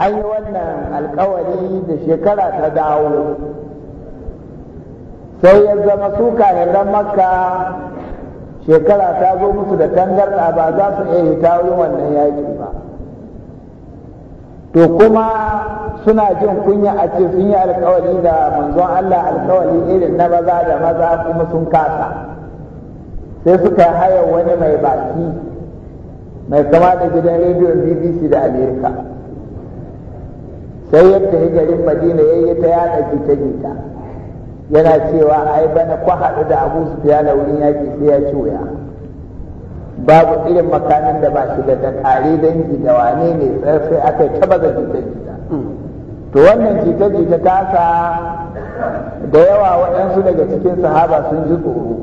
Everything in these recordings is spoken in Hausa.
an yi wannan alkawari da shekara ta dawo sai ya zama su kayan makka shekara ta zo musu da tangarɗa ba za su iya hita wurin wannan yaƙi ba to kuma suna jin kunya a ce sun yi alkawari da manzon Allah alkawari irin na maza da maza kuma sun kasa sai suka haya wani mai baki mai kama da gidan rediyon bbc da amerika sai yadda ya garin madina ya yi ta yaɗa jita jita yana cewa ai bana kwa haɗu da abu su fiya na wurin yaƙi sai ya ci wuya babu irin makamin da ba shi da dakare dangi da wane ne sai aka yi taba ga jita jita to wannan jita jita ta sa da yawa waɗansu daga cikin sahaba sun ji tsoro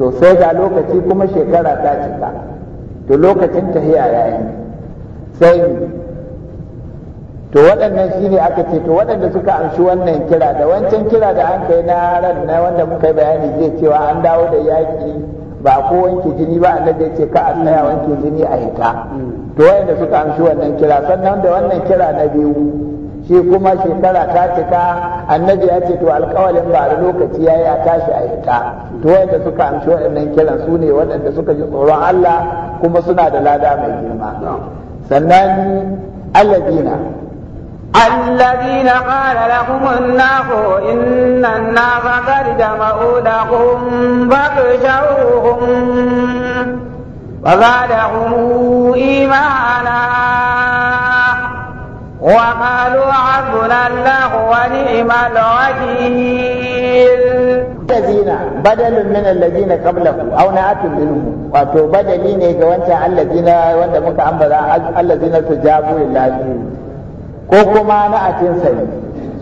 to sai ga lokaci kuma shekara ta cika to lokacin tahiya yayi sai to waɗannan shi ne aka ce to waɗanda suka amshi wannan kira da wancan kira da an kai na ran na wanda muka yi bayani zai cewa an dawo da yaƙi ba ko wanke jini ba annabi ya ce ka a tsaya wanke jini a hita to waɗanda suka amshi wannan kira sannan da wannan kira na biyu shi kuma shekara ta cika annabi ya ce to alƙawalin ba da lokaci ya yi a tashi a hita to waɗanda suka amshi waɗannan kira su ne waɗanda suka ji tsoron Allah kuma suna da lada mai girma sannan alladina الذين قال لهم الناس إن الناس قد جمعوا لكم فاخشوهم فزادهم إيمانا وقالوا حسبنا الله ونعم الوكيل الذين بدل من الذين قبله او نعت منهم wato badali ne ga wancan allazina wanda muka ambara allazina tujabu lillahi ko kuma na atin sai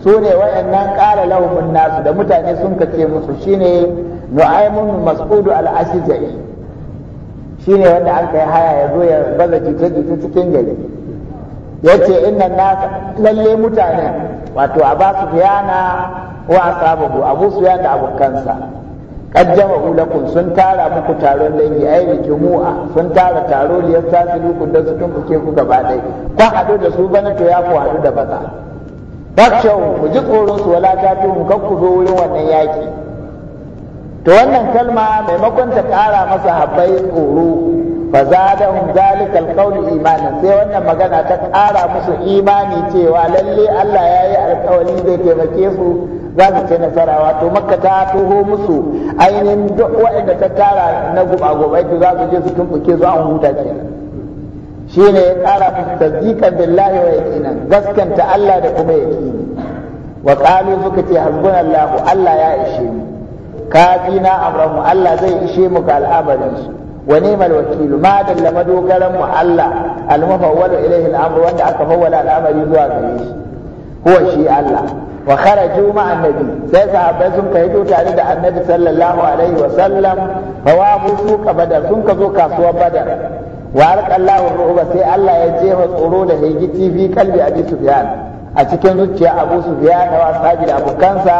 su ne waɗannan ƙara lahumun nasu da mutane sun kace musu shine nu'aymun mas'udu al-ashja'i shine wanda an kai haya ya zo ya baza jita jita cikin gari yace inna nasa lalle mutane wato abasu yana wa asabahu abu su da abokansa qad jama'u sun tara muku taron laifi ai jumu'a sun tara taro liyar su ku da su tumbuke ku gaba ɗaya kwa hadu da su bana to ya ku hadu da baza bakshau mu ji tsoron su wala ta to mu kanku zo wurin wannan yaki to wannan kalma maimakon ta kara masa habbai tsoro فزادهم ذلك القول إيمانا sai wannan magana ta ƙara musu imani cewa lalle Allah ya yi alƙawari zai taimake su za su ci nasara wato makka ta toho musu ainihin duk waɗanda ta tara na guba-gubai to za su je su tumɓuke su an huta kenan shi ne ya ƙara musu billahi wa yaqinan gaskanta Allah da kuma yaqini wa qalu suka ce hasbunallahu Allah ya ishe mu kafina amramu Allah zai ishe mu ga al'amarin su wa ni'mal wakilu ma dalla madogaran mu Allah al-mufawwalu ilayhi al-amru wanda aka fawwala al'amari zuwa gare shi huwa shi Allah wa kharaju ma annabi sai sahabbai sun kai to tare da annabi sallallahu alaihi wa sallam fa wa su badar sun ka zo kasuwar badar wa alqallahu ru'uba, sai Allah ya jefa tsoro da hegiti fi kalbi abi sufyan a cikin zuciya abu sufyan da wasabi da abokansa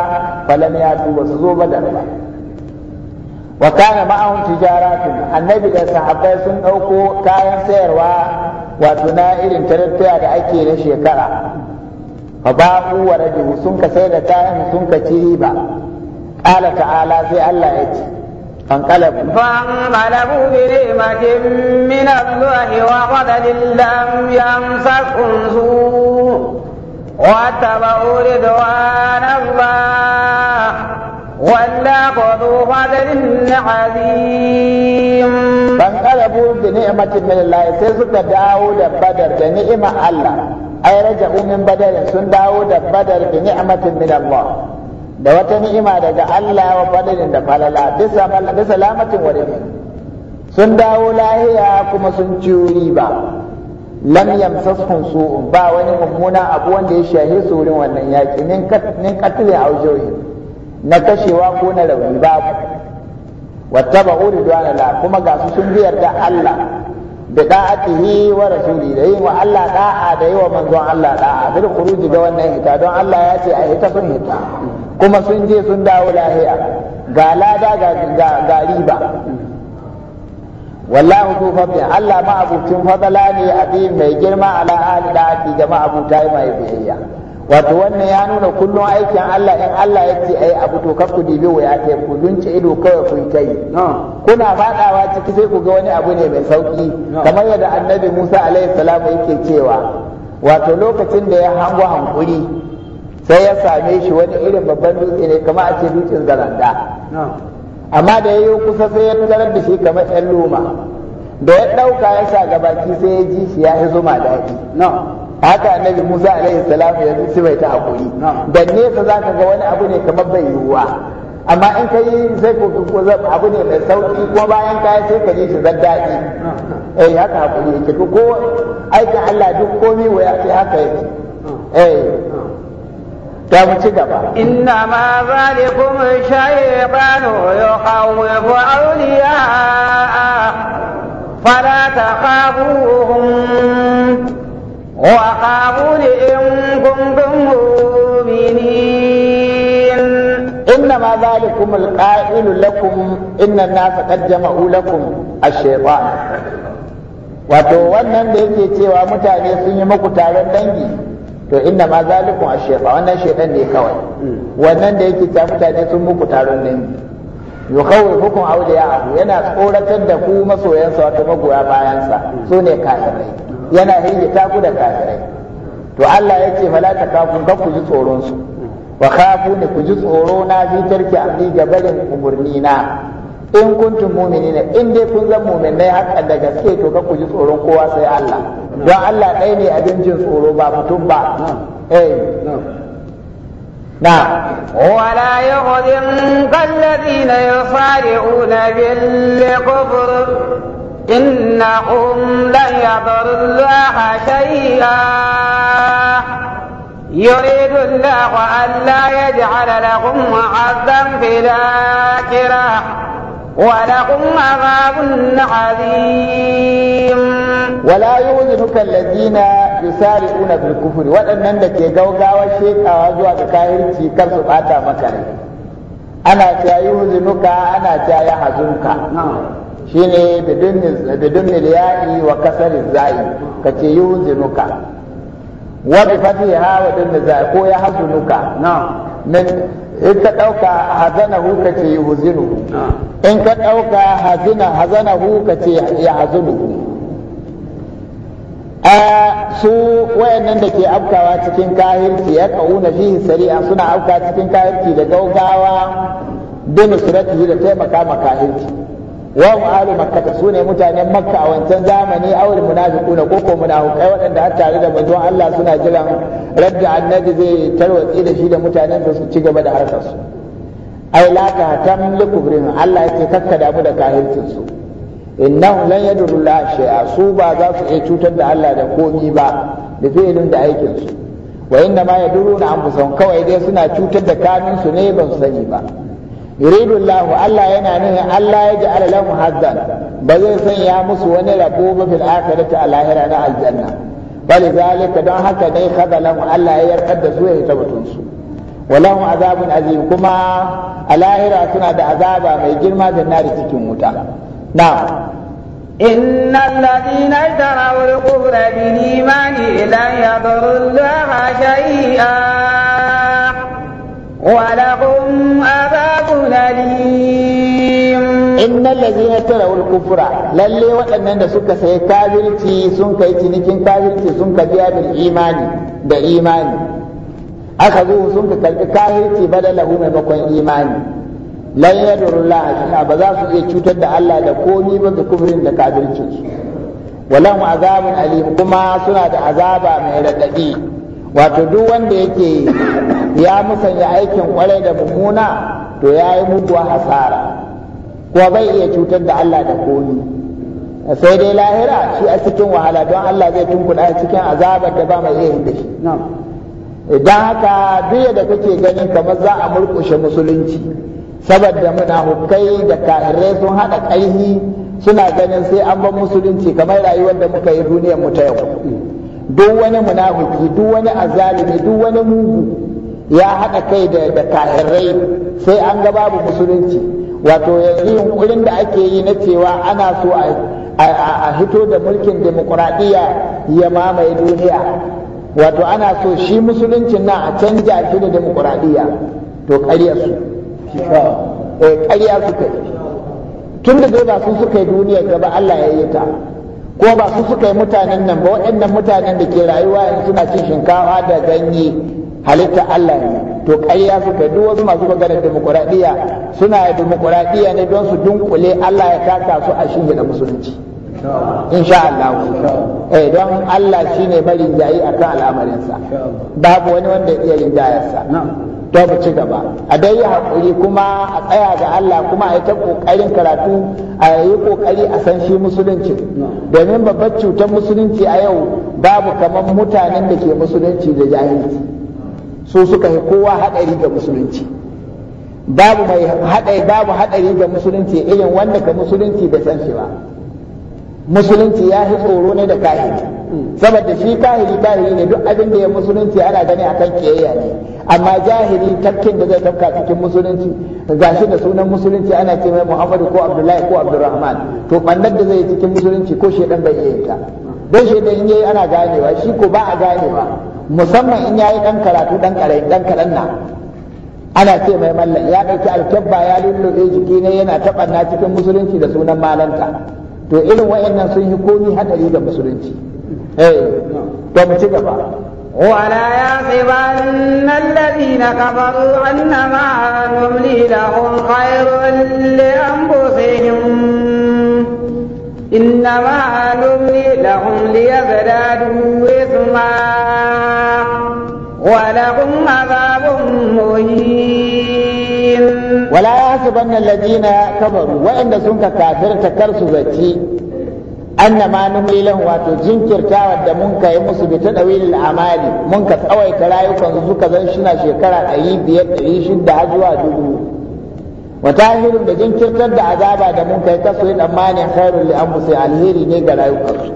falam ya duba su zo badar ba wa kana ma'ahum tijaratun annabi da sahabbai sun dauko kayan sayarwa wato na irin tarattaya da ake na shekara fa ba'u wa rajibu sun ka sai da kayan sun ka ci riba qala ta'ala sai Allah ya ce فانقلبوا فانقلبوا بنعمة من الله وغدد لم يمسسهم سوء واتبعوا رضوان الله والله ذو قدر عظيم فانقلبوا بنعمة من الله سيزك داود بدر بنعمة الله ay raja'u min badar sun dawo da badar bi ni'matin min Allah da wata ni'ima daga Allah wa badarin da falala bi salamatin wa sun dawo lahiya kuma sun ci riba lam yamsasun su ba wani mummuna abu wanda ya shahi su wurin wannan yaki min min qatli na kashewa ko na rauni babu wattaba uridwana la kuma ga su sun biyar da Allah da da'atihi wa rasuli da yi wa Allah da'a da yi wa manzon Allah da'a ga khuruji da wannan hita don Allah ya ce a hita sun hita kuma sun je sun dawo lahiya ga lada ga ga riba wallahu zu fadli Allah ma abucin fadala ne a mai girma ala ahli da'ati ga ma abuta mai biyayya wato wannan ya nuna kullum aikin Allah in Allah ya ce ayi abu to kar ku dibe waya ta ku dunce ido kawai ku kai kuna fadawa ciki sai ku ga wani abu ne mai sauki kamar yadda annabi Musa alaihi salamu yake cewa wato lokacin da ya hango hankuri sai ya same shi wani irin babban dutse ne kamar a ce dutsen zaranda amma da ya kusa sai ya tarar da shi kamar ɗan loma da ya ɗauka ya sa gabaki sai ya ji shi ya zuma daɗi haka annabi Musa alaihi salam ya zuci bai ta hakuri da nesa zaka ga wani abu ne kamar bai yiwuwa amma in ka yi sai ko ko abu ne mai sauki ko bayan ka sai ka ji shi zan daɗi eh haka hakuri yake to ko aikin Allah duk komai waya sai haka yake eh ta mu ci gaba inna ma zalikum shaytanu yukhawwifu awliya fala taqabuhum وأقاموا إِنْ كنتم مؤمنين إنما ذلكم القائل لكم إن الناس قد جمعوا لَكُمْ الشيطان wato wannan da yake cewa mutane sun yi muku taron dangi to inna ma zalikum ash-shaytan wannan shaytan ne kawai wannan da yake cewa mutane sun muku taron dangi yukhawifukum awliya'ahu yana tsoratar da ku masoyansa wato magoya bayansa su ne kafirai yana hirgita ku da kafirai to Allah ya ce fala ta kun ka ku ji tsoron su wa kafu ne ku ji tsoro na fi tarki amri ga barin umurni na in kuntum mu'minina in dai kun zan mu'minai hakan da gaske to ka ku ji tsoron kowa sai Allah don Allah ɗaya ne abin jin tsoro ba mutum ba eh نعم ولا يغضنك الذين يصارعون بالكفر إنهم لن يضروا الله شيئا يريد الله أن لا يجعل لهم عذبا في الآخرة ولهم عذاب عظيم ولا يؤذنك الذين يسارعون بالكفر waɗannan da ke gaugawa shekawa zuwa ga kahirci kar su ɓata maka rai ana ta yi ana ta ya hazunka shine bidun miliyari wa kasar za'i ka ce yunzinuka wa bi fatiha wa dun za'i ko ya hazunuka na min in ka dauka hazana ka ce yuzinu in ka dauka hazina hazanahu ka ce ya hazunu a su wayannan da ke afkawa cikin kahirci ya kauna shi sari'a suna afka cikin kahirci da gaugawa bin suratihi da taimaka maka kahirci wa alu makka su ne mutanen makka a wancan zamani awul munafiquna ko ko munafiqai waɗanda har tare da manzon Allah suna jiran radda annabi zai tarwatsi da shi da mutanen da su ci gaba da harkar su ai la ta tam kubrin, Allah yake kakka damu da kahircin su innahu lan yadullu la shay'a su ba za su iya cutar da Allah da komi ba da fi'ilin da aikin su wa inna ma yadurruna anfusahum kawai dai suna cutar da kamin su ne ban sani ba yuridu Allah yana nuhi Allah ya ji alalahu hazzan ba zai sanya musu wani rabo ba fil akhirati a lahira na aljanna bali zalika don haka dai khadalahu Allah ya yarkar da su ya tabbatun su walahum azabun azim kuma Alahira suna da azaba mai girma da nari cikin wuta na'am إن الذين اشتروا الكفر بالإيمان لن يضروا الله شيئا ولهم innal ladzina tarawul kufra lalle waɗannan da suka saya kafirci sun kai cinikin kafirci sun ka biya bil imani da imani aka zo sun ka kalbi kafirci badalahu maimakon imani lan yadurullaha ba za su iya cutar da Allah da komi ba da kufrin da kafirci su walan azabun alim kuma suna da azaba mai radadi wato duk wanda yake ya musanya aikin kwarai da mummuna to yayi muguwa hasara kuwa bai iya cutar da Allah da komi sai dai lahira shi a cikin wahala don Allah zai tunkuɗa cikin azabar da ba mai iya dashi idan haka duk da kake ganin kamar za a murƙushe musulunci saboda muna hukai da kahirai sun haɗa ƙarfi suna ganin sai an bar musulunci kamar rayuwar da muka yi duniyar mu ta yau duk wani munafuki duk wani azalimi duk wani mugu ya haɗa kai da kahirai sai an ga babu musulunci wato yanzu yunkurin da ake yi na cewa ana so a hito da mulkin demokuraɗiyya ya mamaye duniya wato ana so shi musuluncin nan a canja shi da demokuraɗiyya to ƙarya su eh, ƙarya su kai tun da ba su suka yi duniya gaba Allah ya yi ta ko ba su suka yi mutanen nan ba waɗannan mutanen da ke rayuwa yanzu suna cin shinkafa da ganye halitta Allah ne to ƙarya suka duk wasu masu maganar demokuraɗiyya suna demokuraɗiyya ne don su dunkule Allah ya taka su a shinge da musulunci insha Allah eh don Allah shine marin jayi akan al'amarinsa babu wani wanda ya iya rinjayarsa to ba ci gaba a dai yi hakuri kuma a tsaya ga Allah kuma a yi ta kokarin karatu a yi kokari a san shi musulunci domin babbar cutar musulunci a yau babu kamar mutanen da ke musulunci da jahilci su suka yi kowa haɗari ga musulunci babu mai haɗari babu haɗari ga musulunci irin wanda ka musulunci bai san shi ba musulunci ya fi tsoro ne da kahiri saboda shi kahiri kahiri ne duk abin da ya musulunci ana gani akan kiyayya ne amma jahili tafkin da zai tafka cikin musulunci shi da sunan musulunci ana ce mai muhammadu ko abdullahi ko abdurrahman to ɓannar da zai cikin musulunci ko shedan bai iya ta don shedan in yayi ana ganewa shi ko ba a ganewa musamman in yayi dan karatu dan karai dan kadan na ana ce mai mallan ya dauki alkabba ya lullube jiki ne yana taɓanna cikin musulunci da sunan malanta to irin wayannan sun yi komi hadari ga musulunci eh to mu ci gaba ولا يحسبن الذين كفروا أنما نملي لهم خير لأنفسهم إنما نملي لهم ليزدادوا إثما ولهم عذاب مهين ولا يحسبن الذين كفروا وإن سنك كافر تكرسوا ذاتي أن ما نملي لهم واتو جنكر تاود منك يمس بتدويل الأعمال منك أوي كلايو كنزوك زنشنا شكرا أيب بيت ريشن دعجوا دلو وتاهر بجنكر تد عذابا دمونك يكسر الأمان خير لأنفسي الهيري نيقا لا يكسر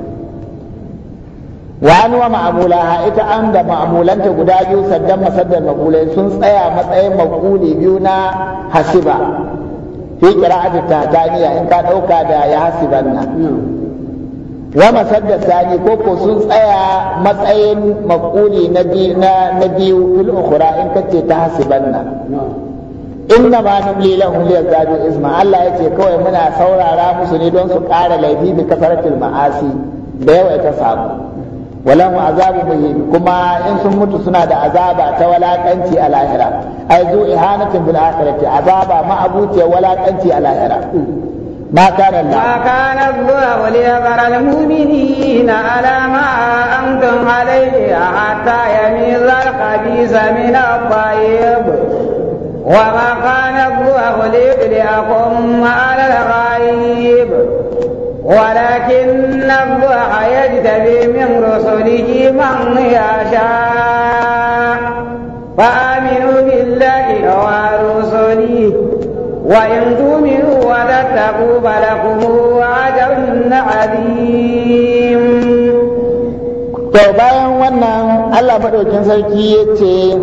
wa ma'amula ma'amulaha ita an da ma'amulanta guda biyu saddan masaddar maqulai sun tsaya matsayin maquli biyu na hasiba fi kira ta taniya in ka dauka da ya hasibanna wa masaddar sani ko ko sun tsaya matsayin maƙuli na biyu fil ukhra in kace ta hasibanna inna ma namli lahum liyazdadu isma Allah yace kawai muna saurara musu ne don su ƙara laifi bi kasar ma'asi da yawa ta samu walahu azabu muhim kuma in sun mutu suna da azaba ta walakanci a lahira ai zu ihanatin bil akhirati azaba ma abuce walakanci a lahira ما كان الله ما كان الله ليذر المؤمنين على ما أنتم عليه حتى يميز الخبيث من الطيب وما كان الله ليبلغكم على الغيب ولكن الله يجتبي من رسله من يشاء فآمنوا بالله ورسله وإن تؤمنوا وتتقوا فلكم أجر عظيم. To bayan wannan Allah maɗaukin sarki ya ce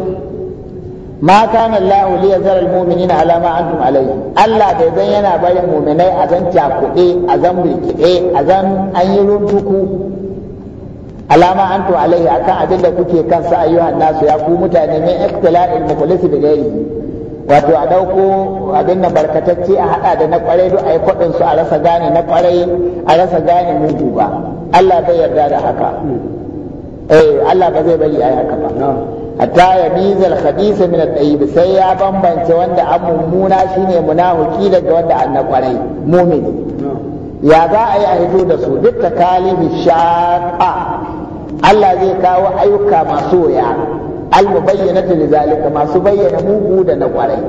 ma kana Allah li yazara almu'minina ala ma antum alayhi Allah bai zan yana barin mu'minai a zan cakuɗe a zan birkiɗe a zan an yi runtuku alama antu alaihi akan abin da kuke kansa ayyuhan nasu ya ku mutane min ikhtila'il mukhlis bi ghairi wato a dauko abin nan barkatacce a hada da na kware duk ai kwadin su a rasa gane na kwarai a rasa gane mu duba. Allah bai yarda da haka hmm. eh Allah ba zai bari ai haka ba A taya mizal khabisa min at-tayyib sai ya bambance wanda an mummuna shine munafiki daga wanda an na kwarai mu'mini ya za a yi a hito da su duk takalifi shaqa Allah zai kawo ayyuka masu waya al-mubayyanatu li zalika masu bayyana mugu da na kwarai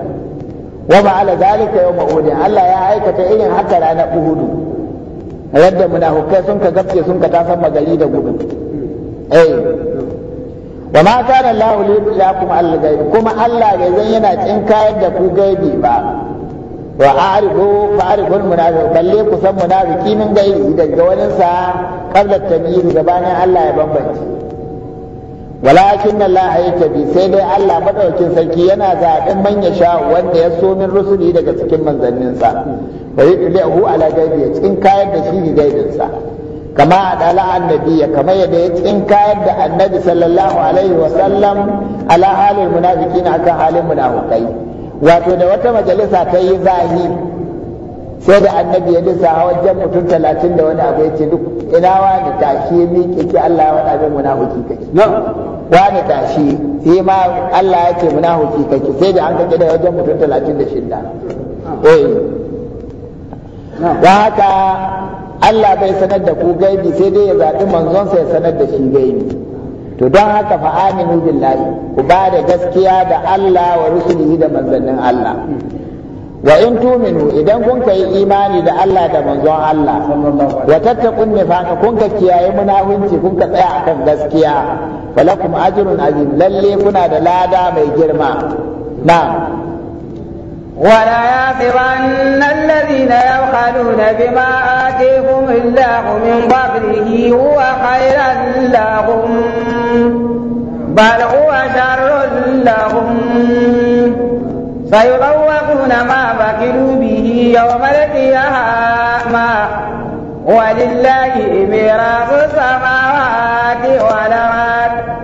wa ma'ala zalika yawma uhud Allah ya aikata irin haka ranar uhud radda munafikai sun ka gabce sun ka tasan magari da gudu eh wa ma kana Allah li yakum al gaibi kuma Allah bai zan yana tsinkayar da ku gaibi ba wa a'rifu fa a'rifu al munafiq balle ku san munafiki min gaibi daga wani sa qabla tamyiz gabanin Allah ya bambance walakin Allah ya bi sai dai Allah madaukin sarki yana zaɓin man ya sha wanda ya so min rusuli daga cikin sa wa yudlihu ala gaibi ya tsinkayar da shi sa kama adala annabiya kama yadda ya tsinkayar da annabi sallallahu alaihi wa sallam ala halin munafiqina akan halin munafikai wato da wata majalisa ta yi zahi sai da annabi ya lissa a wajen mutum talatin da wani abu ya ce duk ina wani tashi ni kike Allah ya faɗa min munafiki kake wani tashi sai ma Allah ya ce munafiki kake sai da an kake da wajen mutum talatin da shida eh haka Allah bai sanar da ku gaibi sai dai ya zaɓi manzonsa ya sanar da shi gaibi to don haka fa aminu billahi ku ba da gaskiya da Allah wa rusulihi da manzannin Allah wa in tuminu idan kun kai imani da Allah da manzon Allah wa tattaqun nifaqa kun ka kiyaye munafunci kun ka tsaya akan gaskiya falakum ajrun azim lalle kuna da lada mai girma Na. ولا يحسبن الذين يبخلون بما آتيهم الله من قبله هو خيرا لهم بل هو شر لهم سيطوقون ما بخلوا به يوم القيامة ولله ميراث السماوات والأرض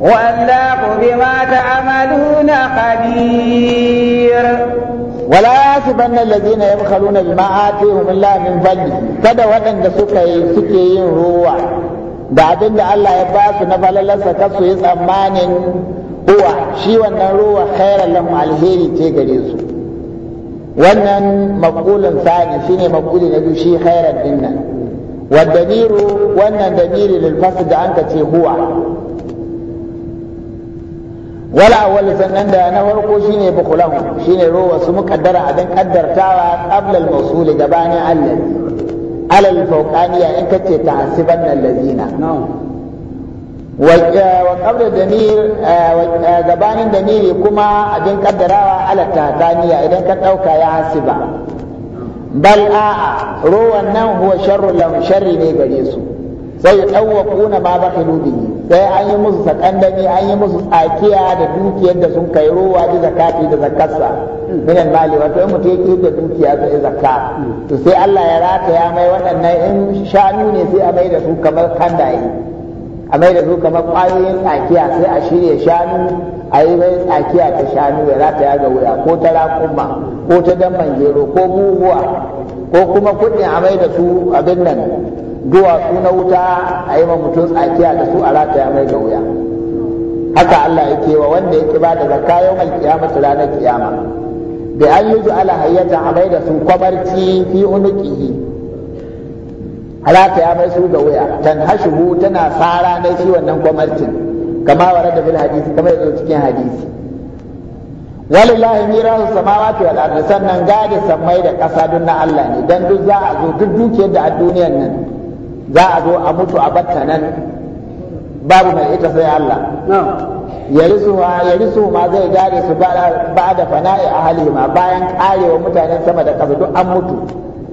والله بما تعملون خبير wala yasibanna allazina yabkhaluna bima atihum Allah min fadli kada waɗanda suka suke yin ruwa da abin da Allah ya ba su na falalarsa su yi tsammanin uwa shi wannan ruwa khairan alheri ce gare su wannan maqulun sani shine maquli na biyu shi khairan dinnan wadda wannan damiri lil fasl da anka ce huwa wala awwal sannan da na farko shine bukulahu shine rowa su muqaddara abin kaddartawa qabla al-mawsul gabanin Allah alal fawqaniya in kace tahsiban allazina wa qabla damir eh, wa eh, gabanin damir kuma abin kaddarawa ala tahaniya idan ka dauka ya hasiba bal a'a rowan nan huwa sharru lahum sharri ne gare su sai kuna ma bakhilu bihi sai an yi musu sakandami an yi musu tsakiya da dukiyar da sun kai rowa da zakati da zakarsa Minan mali wato in mutum yake da dukiya sai zakka to sai Allah ya ya mai waɗannan in shanu ne sai a mai da su kamar kandaye a mai da su kamar ƙwayoyin tsakiya sai a shirya shanu a yi mai tsakiya ta shanu ya rataya ga wuya ko ta raƙuma ko ta dan gero ko buhuwa ko kuma kuɗin a mai da su abin nan duwatsu na wuta a yi mutum tsakiya da su a rataya mai ga wuya haka Allah yake wa wanda yake ba da zakka yau mai ranar kiyama da an yi ala hayyatan a mai da su kwabarci fi unuqihi rataya mai su ga wuya tan hashuhu tana sara na shi wannan kwamarcin kama rada bil hadisi kamar yadda cikin hadisi walillahi mirasu samawati wal ardi sannan gadi sammai da kasa duk na Allah ne dan duk za a zo duk dukiyar da a duniyar nan za a zo a mutu a batta nan babu mai ita sai Allah ya ma zai gare su ba da fana'i a halima bayan karewa mutanen sama da ƙasa duk an mutu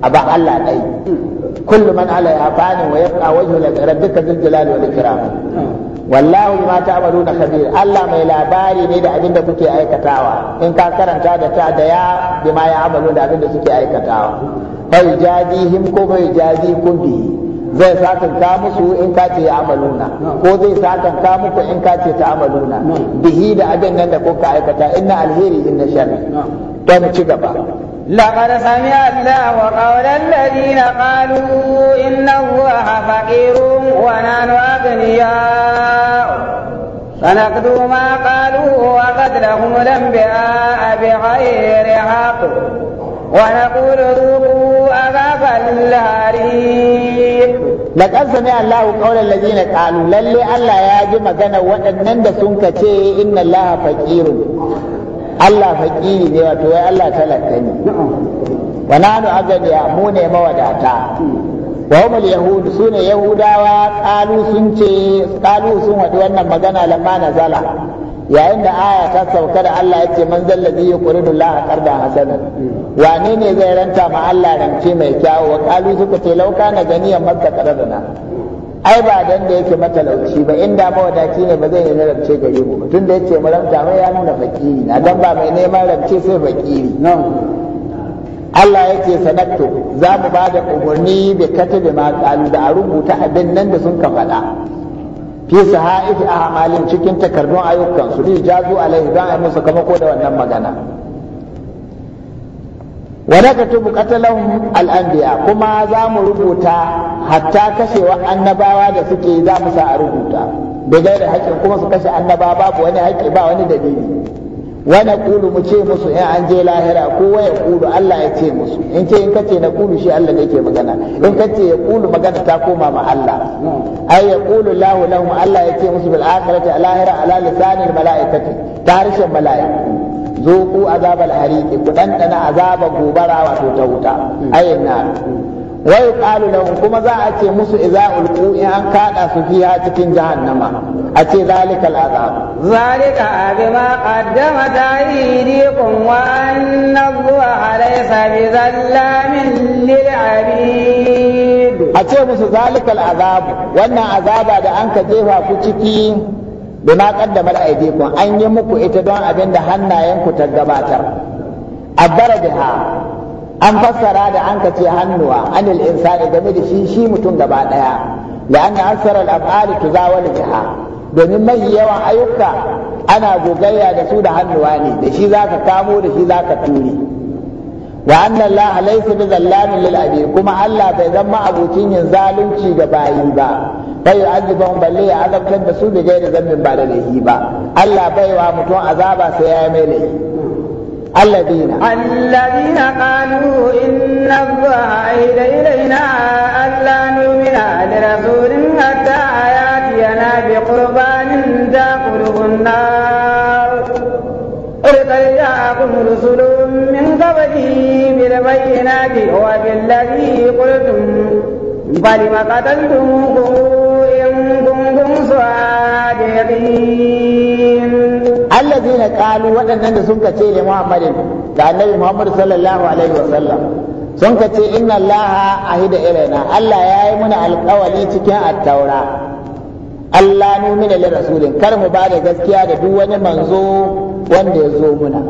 a ba Allah ɗai kullu man ya bani wa yabqa wajhu rabbika dhul jalali wani ikram wallahu bima ta'maluna khabir Allah mai labari ne da abin da kuke aikatawa in ka karanta da ta da ya bima ya amalu da abin da suke aikatawa fa yajadihim ko bai jadi kun bihi zai satanta musu in ka ce ya amaluna ko zai satanta muku in ka ce ta amaluna bihi da abin nan da kuka aikata inna alheri inna sharri to mu ci gaba لقد سمع الله قول الذين قالوا إن الله فقير ونحن أغنياء فنكتب ما قالوا وقتلهم الأنبياء بغير حق ونقول ذوقوا عذاب الهريم laqad sami'a Allahu qawlan ladina qalu lalle Allah ya ji magana waɗannan da sun kace inna Allaha faqirun Allah ne wato wai Allah talaka ne wa nanu agadiya mu ne mawadata wa hum al-yahud sune yahudawa qalu sun ce qalu sun wadi wannan magana lamma nazala yayin da aya ta sauka da Allah ya ce man zallazi yuqridu Allah qardan hasanan wane ne zai ranta ma Allah rance mai kyawu wa suka ce lauka na ganiyan makka na. ai ba dan da yake mata lauci ba inda mawadaci ne ba zai nemi rance gare mu tun tunda yace mu ranta mai ya nuna fakiri na dan ba mai neman rance sai fakiri Allah ya ce sanatto za mu ba da umarni bi katabi ma qalu da a rubuta abin nan da sun ka faɗa fi sahaif a'malin cikin takardun ayyukan su li jazu alaihi dan ai musu kamar ko da wannan magana wa tubu katalahum al-anbiya kuma za mu rubuta hatta kashewa annabawa da suke za mu sa a rubuta bai da haƙƙin kuma su kashe annabawa babu wani haƙƙi ba wani dalili Wani kulu mu ce musu in eh, an je lahira kowa ya kulu Allah ya ce musu in ce in ka ce na kulu shi Allah ne ke magana in ka ce ya kulu magana ta koma ma Allah ai ya kulu lahu lahum Allah ya ce musu bil akhirati lahira ala lisanil malaikati tarishin malaiku zuku azabal hariqi ku dana azaba gobara wato ta wuta ayin na wai qalu lahum kuma za a ce musu idza ulqu in an kada su fiya cikin jahannama a ce zalika al'azab zalika qaddama ta'idi kun wa anna allaha laysa bizallamin lil abid a ce musu zalika al'azab wannan azaba da an ka jefa ku ciki bima qaddamat aydikum an yi muku ita don abin da hannayenku ta gabatar abbara biha an fassara da an kace hannuwa anil insani game da shi shi mutum gaba daya an asara al-af'ali tuzawal biha domin mai yawan ayyuka ana gogayya da su da hannuwa ne da shi zaka kamo da shi zaka turi wa anna allaha laysa bi zallamin lil abi kuma allah bai zama abokin yin zalunci ga bayi ba bai yu'azzibahum balle ya azabtar da su da gairi zambin ba da laifi ba allah bai wa mutum azaba sai ya yi mai laifi الذين الذين قالوا إن الله عهد إلينا ألا نؤمن لرسول حتى يأتينا بقربان تأكله النار قد جاءكم رسل من قبله بالبينات وبالذي قلتم فلم قتلتموه إن كنتم صادقين allazina qalu waɗannan da sun ce li muhammadin da annabi muhammad sallallahu alaihi wasallam sun ce inna allaha ahida ilaina allah ya yi muna alƙawari cikin attaura allah numina li rasulin kar mu bada gaskiya da duk wani manzo wanda ya zo muna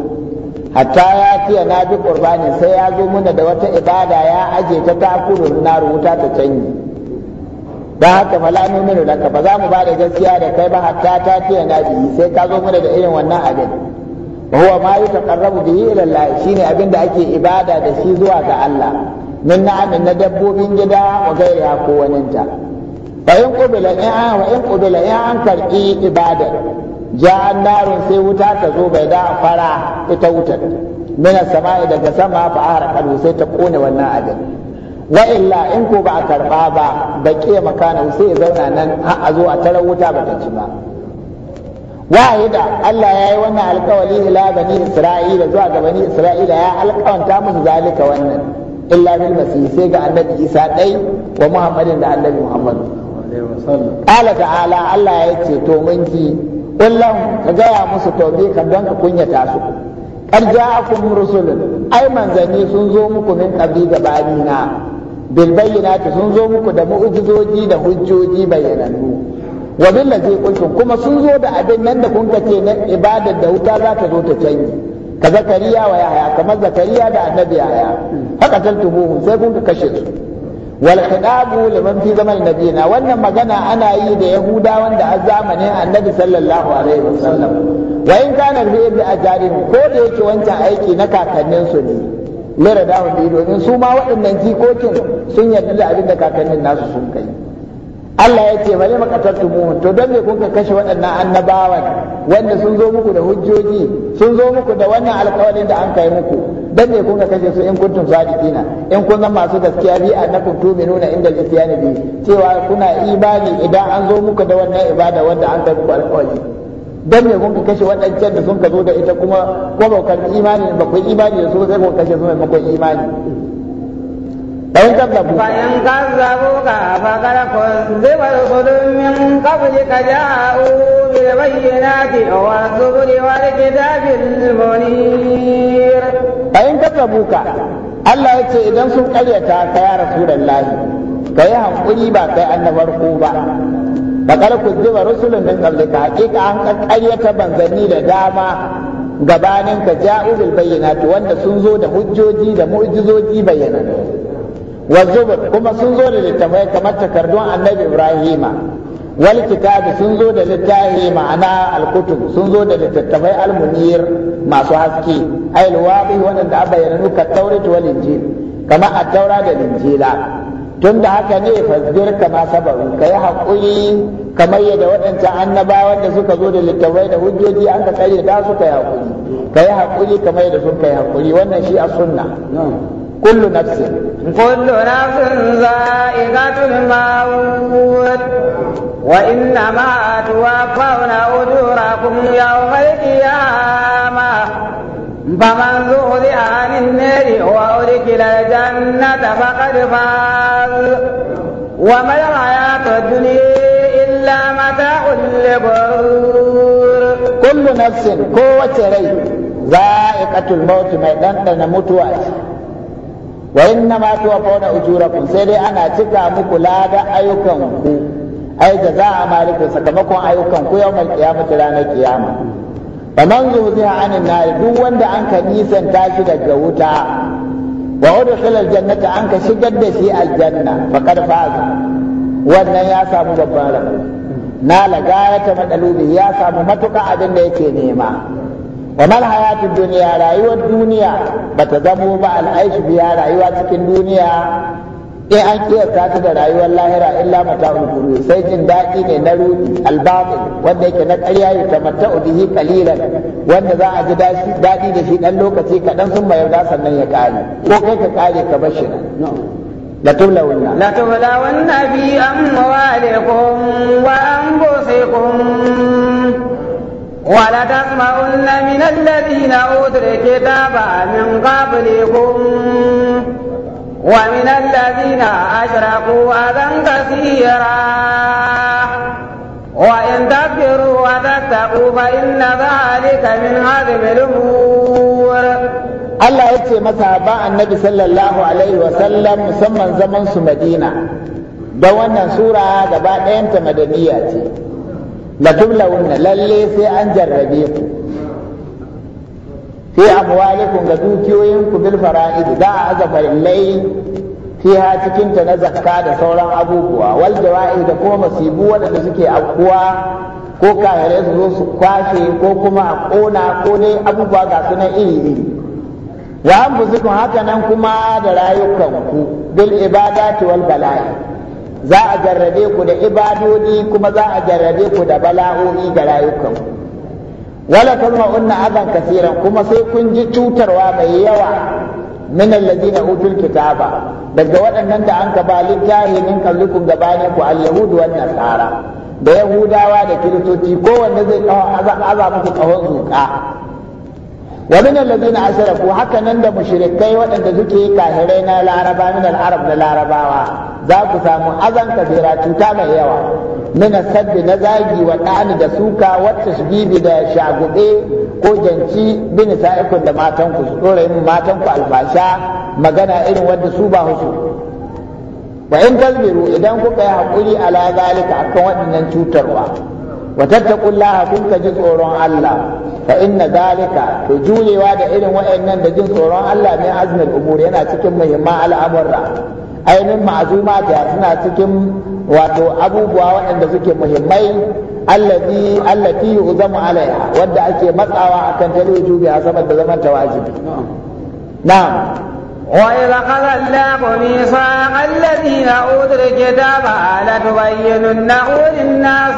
hatta ya tiya na bi qurbani sai ya zo muna da wata ibada ya aje ta takurun na rubuta ta canyi da haka fala nu'minu laka ba za mu ba da gaskiya da kai ba hatta ta tiya na bihi sai ka zo mana da irin wannan abin wa huwa ma yataqarrabu bihi ila Allah shine abin da ake ibada da shi zuwa ga Allah min na'amin na dabbobin gida wa gairiha ko waninta fa in qubila in an wa in qubila ya an karbi ibada ja sai wuta ta zo bai da fara ita wutar mina sama'i daga sama fa kalu sai ta kone wannan abin wa illa in ko ba a karba ba ba ke makanan sai ya zauna nan har a zo a tarar wuta ba ta ci ba wahida Allah ya yi wannan alkawali ila bani Isra'ila zuwa ga bani Isra'ila ya alkawanta musu zalika wannan illa bil masih sai ga annabi Isa dai wa Muhammadin da annabi Muhammad Allah ta'ala Allah ya ce to ji kullum ka gaya musu bi ka dan ka kunyata su qad ja'akum rusulun ai manzani sun zo muku min qabli na. bil sun zo muku da mu'jizoji da hujjoji bayyanannu wa bil ladzi qultum kuma sun zo da abin nan da kun kace na ibadar da wuta za ta zo ta canji ka zakariya wa yahya kamar zakariya da annabi yahya haka taltubuhum sai kun kashe su wal khitabu liman fi zaman nabiyina wannan magana ana yi da yahuda wanda a zamanin annabi sallallahu alaihi wasallam wa in kana fi ajarin ko da yake wancan aiki na kakannin su ne lera da wanda domin su ma waɗannan jikokin sun yarda da abin da kakannin nasu sun kai Allah ya ce bale makatattu mu to don me kuka kashe waɗannan annabawan wanda sun zo muku da hujjoji sun zo muku da wannan alƙawarin da an kai muku don me kuka kashe su in kuntum sadiqina in kun zama masu gaskiya bi annakum tu'minuna inda al na bi cewa kuna imani idan an zo muku da wannan ibada wanda an kai muku alƙawari dan me kun kashe wannan waɗancan da sun ka zo da ita kuma ko ba kan imani ba ku imani da su sai ku kashe su ba ku imani bayan kaza ku bayan kaza ku ka fa kala ko de ba ko dun min ka bu je ka ja u bi bayyinati wa zuburi wa kitabil munir bayan kaza ku buka, Allah ya ce idan sun ƙaryata ka ya Rasulullahi kai hankuri ba kai annabarku ba da ku jiwa rusulun min qablika hakika an ƙaryata banzanni da dama gabanin ka ja'ulul bayyinati wanda sun zo da hujjoji da mu'jizoji bayyana wa zubur kuma sun zo da littafai kamar takardun annabi ibrahima wal kitabi sun zo da littafi ma'ana al-kutub sun zo da littattafai al masu haske ay al-wadi wanda bayyana ka tawrit wal injil kamar at-taura da injila tun da haka ne fasbir kama sabaru ka yi haƙuri kamar yadda waɗancan annabawan da suka zo da littattafai da hujjoji an ka tsare da su ka yi haƙuri ka yi haƙuri kamar yadda sun ka yi haƙuri wannan shi a sunna kullu nafsin kullu nafsin za'iqatul maut wa inna ma tuwaffawna ujurakum yawmal qiyamah فمن زهزئ عن النار وأدخل الجنة فقد فاز وما الحياة الدنيا إلا متاع الغرور كل نفس قوة ري ذائقة الموت ما دندن متوى wa inna ma tuwaffawna ujurakum sai dai ana cika muku lada ayyukan ku ai za a malikin sakamakon ayyukan ku yawmal qiyamati ranar kiyama faman zuziha anin nar duk wanda an ka nisanta shi daga wuta wa udkhila aljannata an ka shigar da shi aljanna faqad faza wannan ya samu babban rabo na lagayata madalubi ya samu matuka abin da yake nema wa mal duniya rayuwar duniya bata zamo ba al'aishi biya rayuwa cikin duniya in an kiyasta ta da rayuwar lahira illa mata'ul gurur sai jin daɗi ne na ruɗi albatil wanda yake na ƙarya ya tamatta'u bihi qalilan wanda za a ji daɗi da shi ɗan lokaci kaɗan sun yarda sannan ya ƙare ko kai ka ƙare ka bar shi لتبلون لتبلون في أموالكم وأنفسكم ولتسمعن من الذين أوتوا الكتاب من قبلكم ومن الذين أشركوا أذى كثيرا وإن تكبروا وتتقوا فإن ذلك من عزم الأمور Allah ya ce masa ba annabi sallallahu alaihi wasallam musamman zaman su Madina da wannan sura gaba ɗayanta madaniya ce la tubla lalle sai an jarrabe ku fi amwalikum ga dukiyoyinku bil fara'id za a aza farillai fiha cikin ta na zakka da sauran abubuwa wal jawa'i da kuma masibu waɗanda suke afkuwa ko kafirai su zo su kwashe ko kuma a kona ko ne abubuwa ga su na iri iri wa anfusikum haka nan kuma da rayukanku bil ibadati wal bala'i za a jarrabe ku da ibadodi kuma za a jarrabe ku da bala'o'i ga rayukanku wala ma'unna azan kasiran kuma sai kun ji cutarwa mai yawa min alladhina utul kitaba daga waɗannan da an ba littafi min gaba gabanin ku al-yahudu wan nasara da yahudawa da kiristoci kowanne zai kawo azan azan wa min alladhina asrafu haka nan da mushrikai waɗanda suke kahirai na laraba min al-arab da larabawa za ku samu azan kabira cuta mai yawa mina sabbi na zagi wa ɗani da suka su bibi da shagube ko janci bin sa'ikun da matanku su ɗora matanku albasha magana irin wanda su ba husu wa in tasbiru idan kuka yi hakuri ala zalika akan waɗannan cutarwa wa tattaqullaha kun ka ji tsoron Allah fa inna zalika to jurewa da irin waɗannan da jin tsoron Allah ne azumin umur yana cikin muhimman al'amurra ainihin ma'azuma ta suna cikin wato abubuwa waɗanda suke muhimmai allazi allati yuzamu alaiha wadda ake matsawa akan talwiju biya saboda zaman ta wajibi na'am وإذ أخذ الله ميثاق الذين أوتوا الكتاب لتبيننه للناس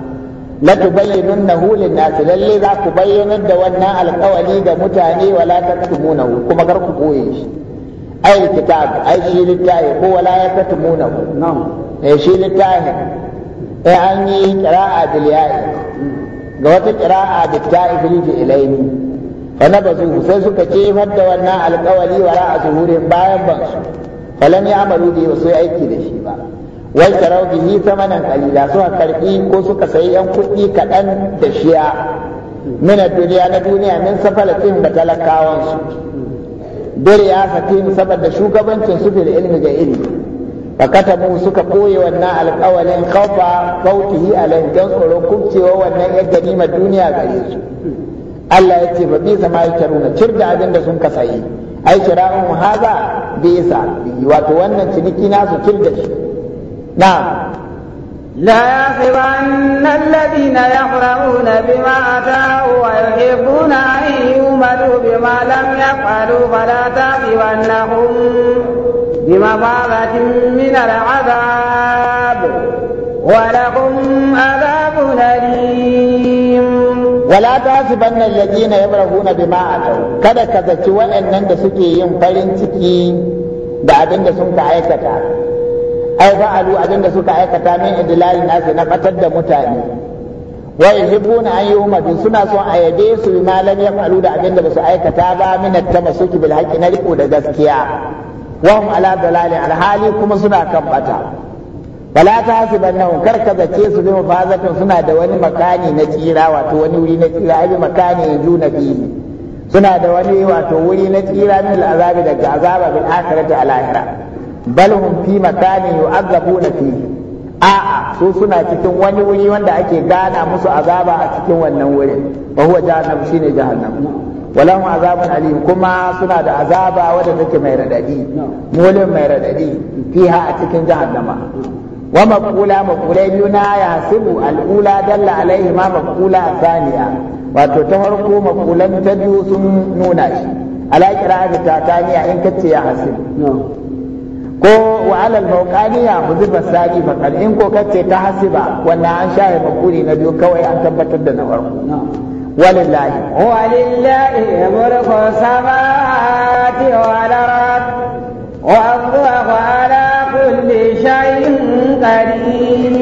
la tubayyinunnahu lin-nas lalle za ku bayyanar da wannan alƙawari ga mutane wala taktumunahu kuma kar ku boye shi ai kitab ai shi littafi ko wala ya taktumunahu na'am eh shi littafi eh an yi qira'a bil ya'i ga wata qira'a bil ta'i fil ilayni fa nabazu sai suka jefar da wannan alƙawari wala a zuhurin bayan ba su falam ya amalu bi su aiki da shi ba wai tarau bihi thamanan kalila suka karbi ko suka sayi yan kuɗi kaɗan da shiya mina duniya na duniya min safalatin da talakawan su dare ya satin saboda shugabancin su da ilmi ga ilmi fa katabu suka koye wannan alƙawalin khawfa fautihi alayhi dan tsoro kubcewa wannan yan ganimar duniya gare su Allah ya ce fa bi sama yakaruna cirda abin da sun sayi ai mu haza bi sa. wato wannan ciniki nasu da shi نعم لا يحسبن الذين يحرمون بما أتاوا ويحبون أن يؤمنوا بما لم يفعلوا فلا تحسبنهم بمفازة من العذاب ولهم عذاب أليم ولا تحسبن الذين يبرهون بما أتوا كذا كذا سواء أن سكي ينفرن سكي بعد أن سنك عيكتا ai fa'alu abinda suka aikata min idlalin nasu na batar da mutane wa yuhibbuna an yu'madu suna son a yabe su bi ma lam yaf'alu da abinda basu aikata ba min at-tamassuki bil haqqi na riko da gaskiya wa hum ala dalali alhali kuma suna kan bata wala ta hasibannahu ka zace su bi mafazatin suna da wani makani na tsira wato wani wuri na tsira ai makani yanzu na biyu suna da wani wato wuri na tsira min al'azabi daga azaba bil akhirati al-akhirah bal hum fi makanin yu'azzabuna fihi a'a su suna cikin wani wuri wanda ake gana musu azaba a cikin wannan wurin wa huwa jahannam shine jahannam walahum azabun alim kuma suna da azaba wadda take mai radadi mulin mai radadi fiha a cikin jahannama wa maqula maqulai biyu na yasibu al'ula dalla alaihi ma maqula thaniya wato ta farko maqulan ta biyu sun nuna shi ala qira'ati ta in kace ya hasibu ko wa alal zuba sa'i ba. faqal in ko kace ta hasiba wannan an shaye makuri na biyu kawai an tabbatar da na farko walillahi walillahi mulku samawati wal ard wa allahu ala kulli shay'in qadir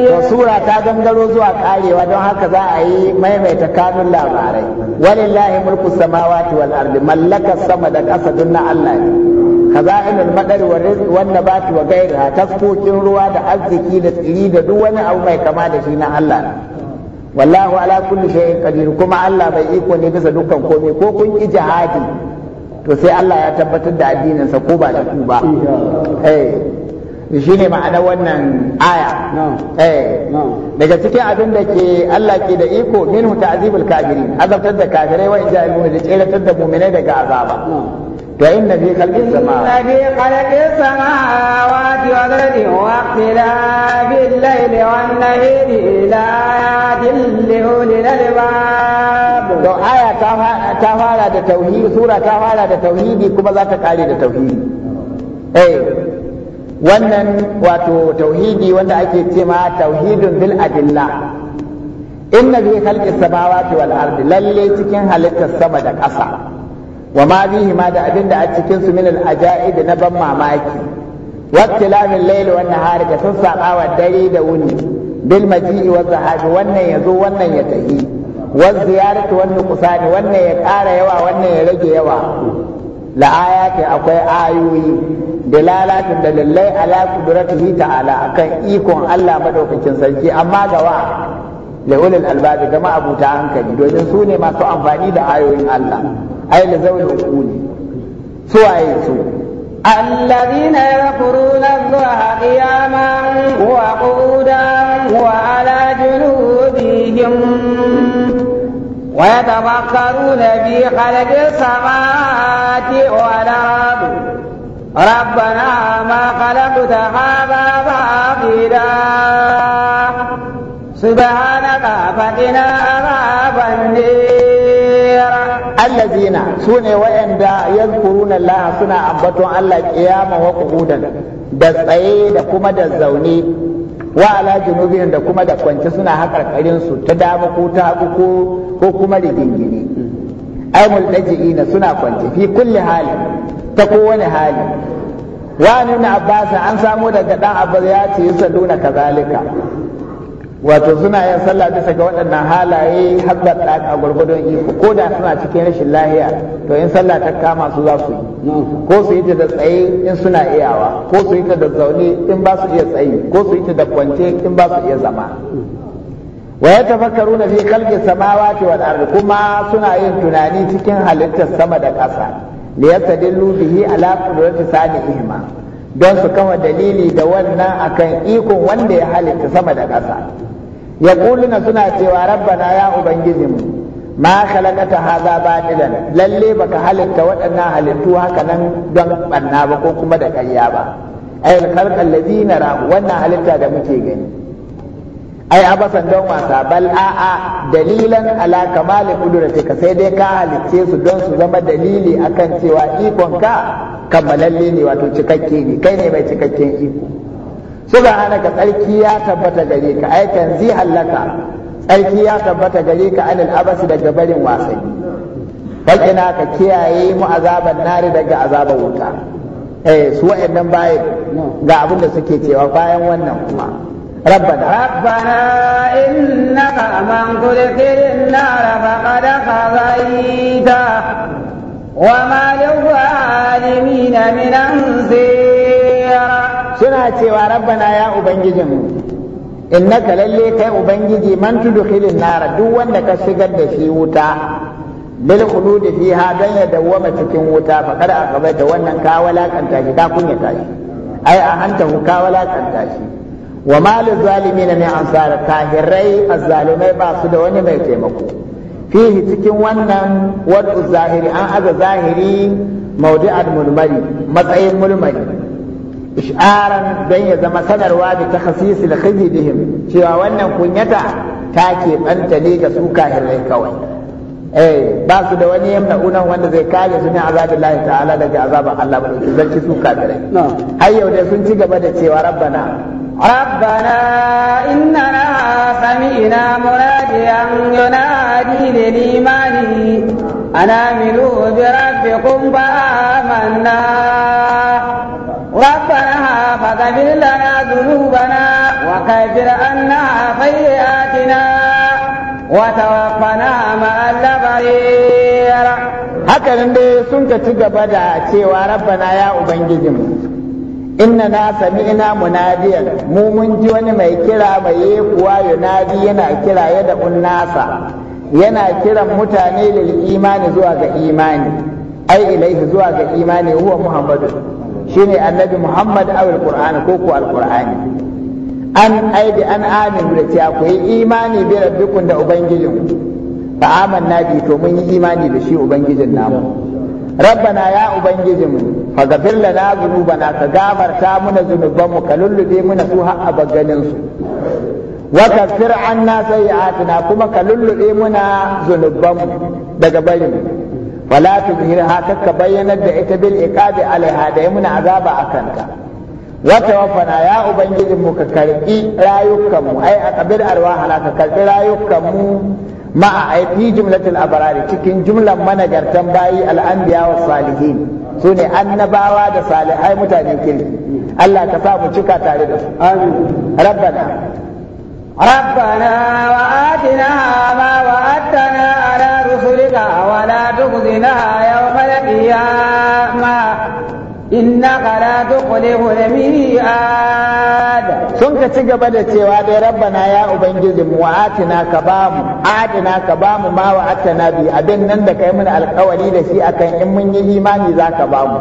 to sura ta gangaro zuwa karewa don haka za a yi maimaita kanun labarai walillahi mulku samawati wal ardi mallaka sama da kasa dunna Allah kaza'in al-madar wa rizq wa nabat wa ghayriha taskokin ruwa da arziki da tsiri da duwani wani abu mai kama da shi na Allah wallahu ala kulli shay'in qadir kuma Allah bai iko ne bisa dukkan komai ko kun ki jihadi to sai Allah ya tabbatar da addinin ko ba da ku ba eh ne wannan aya daga cikin abin da ke Allah ke da iko minhu ta'zibul kafirin azabtar da kafirai wa inja da tseratar da mu'minai daga azaba فإن في خلق السماوات إن في خلق السماوات والأرض واختلاف الليل والنهار لآيات لأولي الألباب aya ta fara da da tauhidi kuma za ta kare da tauhidi eh, wannan wato tauhidi wanda ake ce tauhidin tauhidun bil adilla inna fi khalqis samawati wal ardi lalle cikin halittar sama da ƙasa wa ma bihi ma da abin da a cikin su min al na ban mamaki waqtilamin layli wan nahari ka sassaɓawa dare da wuni bil maji'i wa zahabi wannan yazo wannan ya tahi wa ziyaratu wan nuqsani wannan ya ƙara yawa wannan ya rage yawa la ayati akwai ayoyi dalalatin dalilai ala qudratihi ta'ala akan ikon Allah madaukakin sarki amma gawa la'ulul albab gama abuta hankali domin sune masu amfani da ayoyin Allah أين لذوي العقول سوى أي الذين يذكرون الله قياما وقعودا وعلى جنوبهم ويتفكرون في خلق السماوات والأرض ربنا ما خلقت هذا باطلا سبحانك فقنا عذاب النير allazina su ne wa'anda yadhkuruna Allah suna ambaton Allah qiyama wa qu'udan da tsaye da kuma da zaune wa ala junubihin da kuma da kwance suna hakarkarin su ta dama ko ta hagu ko ko kuma rigingine ai muldaji'ina suna kwance fi kulli hali ta kowane hali wa ibn abbas an samu daga dan abbas ya ce yusalluna kazalika wato suna yin sallah bisa ga waɗannan halaye habbar da a gwargwadon iko ko da suna cikin rashin lahiya to in sallah ta kama su za su yi ko su yi ta da tsaye in suna iyawa ko su yi ta da zaune in ba su iya tsaye, ko su yi ta da kwance in ba su iya zama wa ya tafakkaru na fi kalbin samawa wal ardi kuma suna yin tunani cikin halittar sama da ƙasa li yastadillu bihi ala sani ihima, don su kama dalili da wannan akan ikon wanda ya halitta sama da ƙasa yaquluna suna cewa rabbana ya mu ma khalaqata hadha batilan lalle baka halitta waɗannan halittu haka nan don banna ba ko kuma da ƙarya ba ay al-khalqa alladhi wannan halitta da muke gani ai abasan don wasa bal a'a dalilan ala kamali ka, sai dai ka halicce su don su zama dalili akan cewa ikonka ka kammalalle ne wato cikakke ne kai ne mai cikakken iko ka tsarki ya tabbata gare ka ai zi hallaka tsarki ya tabbata gare ka anil abasi daga barin wasai fakina ka kiyaye mu azaban nari daga azaban wuta eh su wa'annan bayan ga abin da suke cewa bayan wannan kuma ربنا ربنا إنك من تدخل النار فقد خزيته وما للظالمين من أنصير suna cewa rabbana ya ubangijin innaka lalle kai ubangiji man tudkhilin nara duk wanda ka shigar da shi wuta bil khuludi fiha dan ya dawwama cikin wuta fa kada da wannan ka walakanta shi ka kunya tashi. ai a hanta ka walakanta shi wa mal zalimin min ansar kahirai azzalimai ba su da wani mai taimako fihi cikin wannan wadu zahiri an aga zahiri mawdi'al mulmari matsayin mulmari ish'aran don ya zama sanarwa da ta da khididihim cewa wannan kunyata ta ke banta ne ga su kahirai kawai eh ba su da wani unan wanda zai kare su ne lahi ta'ala daga azabin Allah ba su zarci su kafirai har yau dai sun ci gaba da cewa rabbana ربنا إننا سمعنا مناديا ينادي للإيمان أن آمنوا بربكم فآمنا ربنا فاغفر لنا ذنوبنا وكفر عنا سيئاتنا وتوفنا مع الأبرير haka nan dai sun ka ci gaba da cewa rabbana ya ubangijinmu inna na ina munadiyan mu mun ji wani mai kira mai yekuwa yunadi yana kira ya da unnasa yana kiran mutane da imani zuwa ga imani ai ilaihi zuwa ga imani huwa muhammadu shine annabi muhammad aw alqur'ani ko ku alqur'ani an aidi an aminu da cewa ku yi imani bi rabbikum da ubangijin fa amanna bi to mun yi imani da shi ubangijin namu rabbana ya ubangijin mu. faghfir lana dhunubana ka gafarta muna dhunuban mu ka lullube muna su har baganin su wa kafir anna sayyi'atina kuma ka lullube muna mu daga bayin wala tuzhirha kakka bayyanar da ita bil iqabi alaiha da muna azaba akanta wa tawaffana ya ubangijin mu ka karbi rayukan mu ai aqbir arwahana ka karɓi rayukanmu mu ma a fi jumlatul abrari cikin jumlan managartan bayi al anbiya was salihin sune annabawa da salihai mutanen kirki Allah ka sa mu cika tare da su amin ربنا وآتنا ما وعدتنا على رسلك ولا تخزنا يوم القيامة إنك لا تخلف الميعاد sun ka ci gaba da cewa dai rabbana ya ubangiji mu atina ka bamu adina ka bamu ma wa atana bi abin nan da kai mun alkawari da shi akan in mun yi imani zaka bamu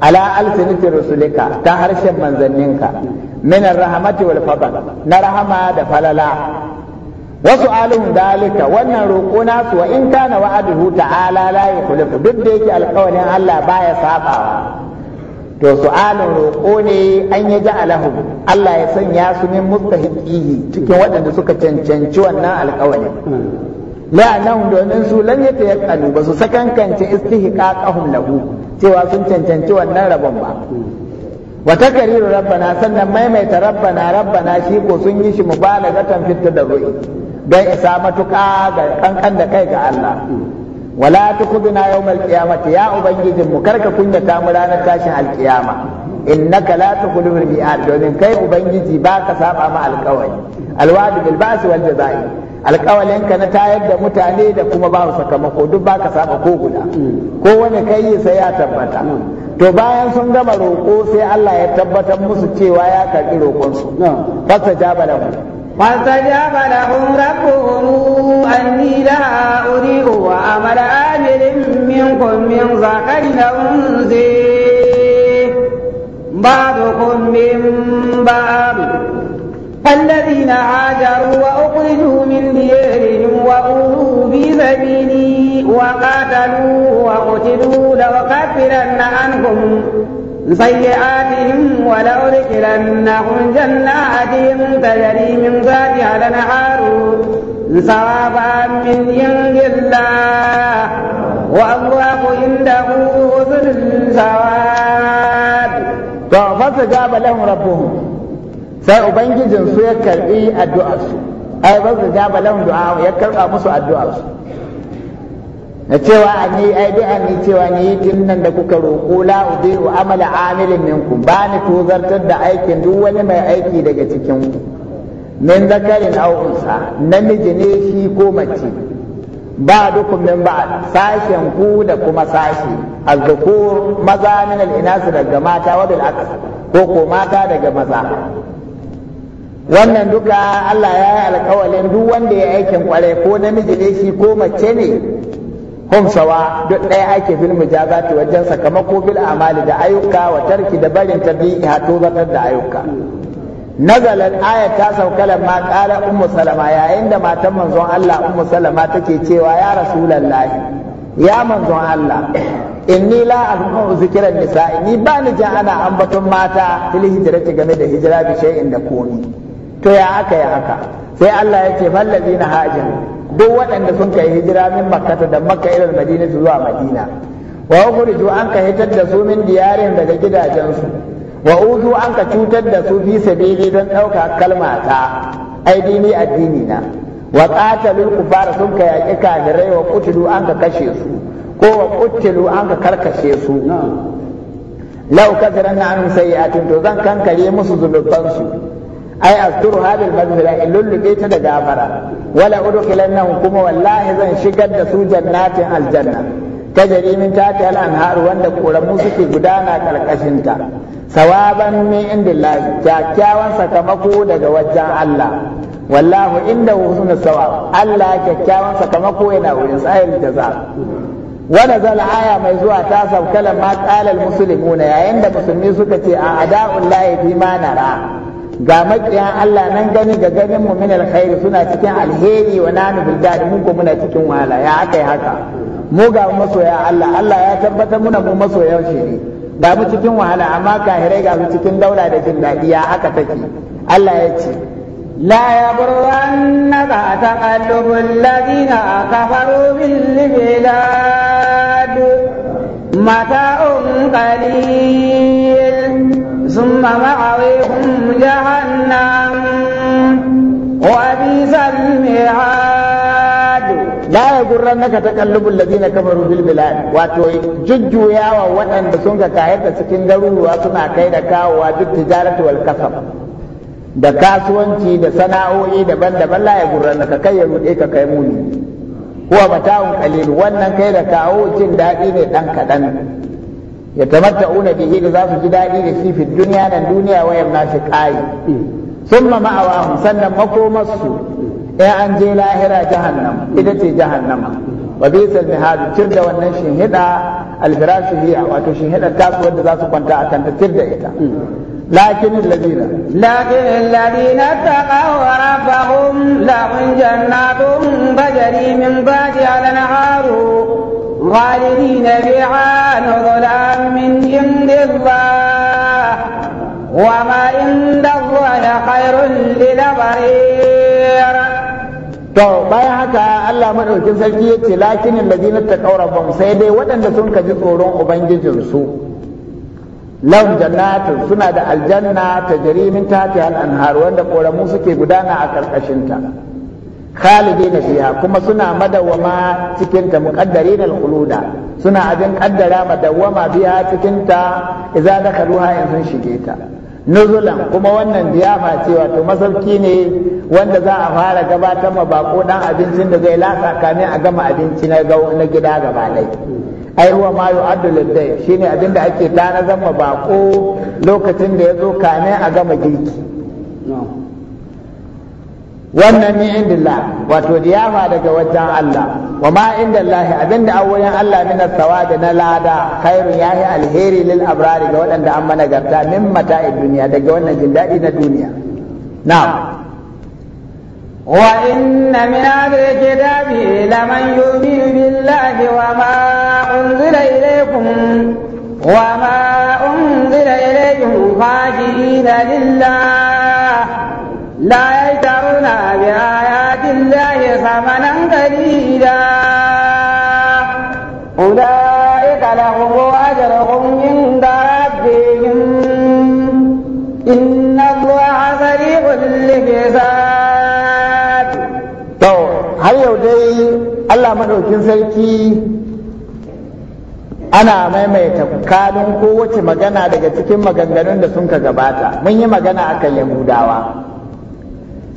ala alsinati rusulika ta harshen manzanninka من الرحمة والفضل نرحمة na rahama da falala wasu alun dalika wannan roƙo nasu in kana wa'aduhu ta'ala la yukhlifu duk da yake alƙawarin Allah baya to su'alin roƙo ne an yi ji alahu Allah ya sanya su min mustahiqihi cikin waɗanda suka cancanci wannan alƙawari la'anahu domin su yi yatayaqqanu ba su sakankance istihqaqahum lahu cewa sun cancanci wannan rabon ba wata kariru rabbana sannan maimaita rabbana rabbana shi ko sun yi shi mubalagatan fitta da ru'i don isa matuƙa ga kankan da kai ga Allah wala tukubina yawmal qiyamati ya ubangijin mu karka kunyata mu ranar tashin alkiyama innaka la tukhlifu al domin kai ubangiji baka saba ma alƙawari alwadi bil ba'si wal jazai alƙawalin ka na tayar da mutane da kuma ba sakamako duk ba ka saba ko guda ko wani kai sai ya tabbata to bayan sun gama roƙo sai Allah ya tabbatar musu cewa ya karɓi roƙonsu fasta jaba lahu fasta jaba lahu an anni da uri'u wa amala amilin minkum min zakarin unzi بعضكم من بعض فالذين هاجروا وأخرجوا من ديارهم وأوذوا في سبيلي وقاتلوه وقتلوه لأكفرن عنهم سيئاتهم ولأدخلنهم جنات تجري من تحتها الأنهار ثوابا من عند الله والله عنده ذو الثواب فاستجاب لهم ربهم sai ubangijin su ya karbi addu'arsu ai ba su jaba lahum du'a ya karba musu addu'arsu na cewa a ni ai bi an cewa ni tun nan da kuka roƙo la udiru amala amilin minkum ba ni tozartar da aikin duk wani mai aiki daga cikin ku min zakarin aw namiji ne shi ko mace ba dukkan min ba sashen ku da kuma sashi azzakur maza min al daga mata wa bil aks ko ko mata daga maza wannan duka Allah ya yi alƙawalin duk wanda ya aikin kwarai ko namiji ne shi ko mace ne hum sawa duk ɗaya ake bil mujazati wajen sakamako bil amali da ayyuka wa tarki da barin tabi'i ha tobatar da ayyuka nazala aya ta sauka lamma qala ummu salama yayin da matan manzon Allah ummu salama take cewa ya rasulullahi ya manzon Allah inni la azmu zikran nisa ni ba ni jan ana ambaton mata fil hijrati game da hijira bi shay'in da komi to ya aka ya aka sai Allah ya ce fallazina hajin duk waɗanda sun kai hijira min makkata da makka ila madina zuwa madina wa ukhriju an ka hitar da su min diyarin daga gidajensu wa uzu an ka cutar da su fi sabili don ɗauka kalma ta aidini addini na wa qatalul kufara sun ka yaƙi kafirai wa qutilu an ka kashe su ko wa qutilu an ka karkashe su lau kafiran na sayyatin to zan kankare musu zunubansu ai asturu hadil mazhira in lullube ta da gafara wala udkhilannahum kuma wallahi zan shigar da su jannatin aljanna Ta jarimin tahtiha al-anhar wanda koramu suke gudana karkashin ta sawaban min indillahi kyakkyawan sakamako daga wajen Allah wallahu inda husnul sawab Allah kyakkyawan sakamako yana wurin sa'il jaza wanda zala aya mai zuwa ta sauka lamma qala al-muslimuna yayin da musulmi suka ce a ada'ullahi bima nara ga makiya Allah nan gani ga ganin mu min alkhairi suna cikin alheri wa nanu bil dadi mun ko muna cikin wahala ya haka ya haka mu ga masoya Allah Allah ya tabbatar muna mu masoyan shi ne ga mu cikin wahala amma kahirai ga mu cikin daula da jin dadi ya haka take Allah ya ce لا يغرنك تقلب الذين كفروا بالبلاد متاع قليل ثم مأويكم جهنم وبئس المعاد لا يقول أنك تقلب الذين كفروا في البلاد wato jujjuyawa waɗanda sun ga kayar da cikin garuruwa suna kai da kawowa duk da kasuwanci da sana'o'i daban-daban la ya gurra gurrannaka kai ya rude ka kai muni kuwa mata'un qalil wannan kai da kawo jin daɗi ne ɗan kaɗan ya tamatta'una bihi da za su ji daɗi da shi fi duniya nan duniya wayar nashi ƙayi summa ma'awahum sannan makomarsu ya an je lahira jahannam ita ce jahannama wa bisal mihadu tir da wannan shinhida alfirashu hiya wato shinhida tasu wanda kwanta a kanta tir da ita لكن الذين لكن الذين اتقوا ربهم لهم جنات تجري من بعدها الانهار خالدين فيها نزلا الله وما عند الله خير للبرير to bayan haka Allah maɗaukin sarki ya ce lakinin ladina taqaw rabbahum sai dai waɗanda sun kaji tsoron ubangijinsu lahum jannatun suna da aljanna ta jarimin min tahtiha al wanda koramu suke gudana a ƙarƙashinta. ta na biya kuma suna madawama cikin ta muqaddarin al suna abin kaddara madawama biya cikin ta idza dakaluha in shige ta nuzulan kuma wannan diyafa ce wato masauki ne wanda za a fara gabatar ma bako dan abincin da zai latsa kamin a gama abinci na na gida gaba dai ai ruwa ma yu'addu shine abin da ake tanazar zama bako lokacin da ya zo kamin a gama girki wannan ni inda indillah wato diyafa daga wajen Allah wa ma indallahi abinda a wurin Allah min da na lada khairun yahi alheri lil abrari ga waɗanda an managarta min mata'id duniya daga wannan jin daɗi na duniya na'am wa inna min ahli kitabi laman yu'minu billahi wa ma unzila ilaykum wa ma unzila ilaykum khashiina lillah لا يشترون بآيات الله ثمنا قليلا أولئك لهم أجرهم عند ربهم إن الله سريع الحساب تو هيا ودي الله مدوكين سلكي ana maimaita kalin kowace magana daga cikin maganganun da sun ka gabata mun yi magana akan yahudawa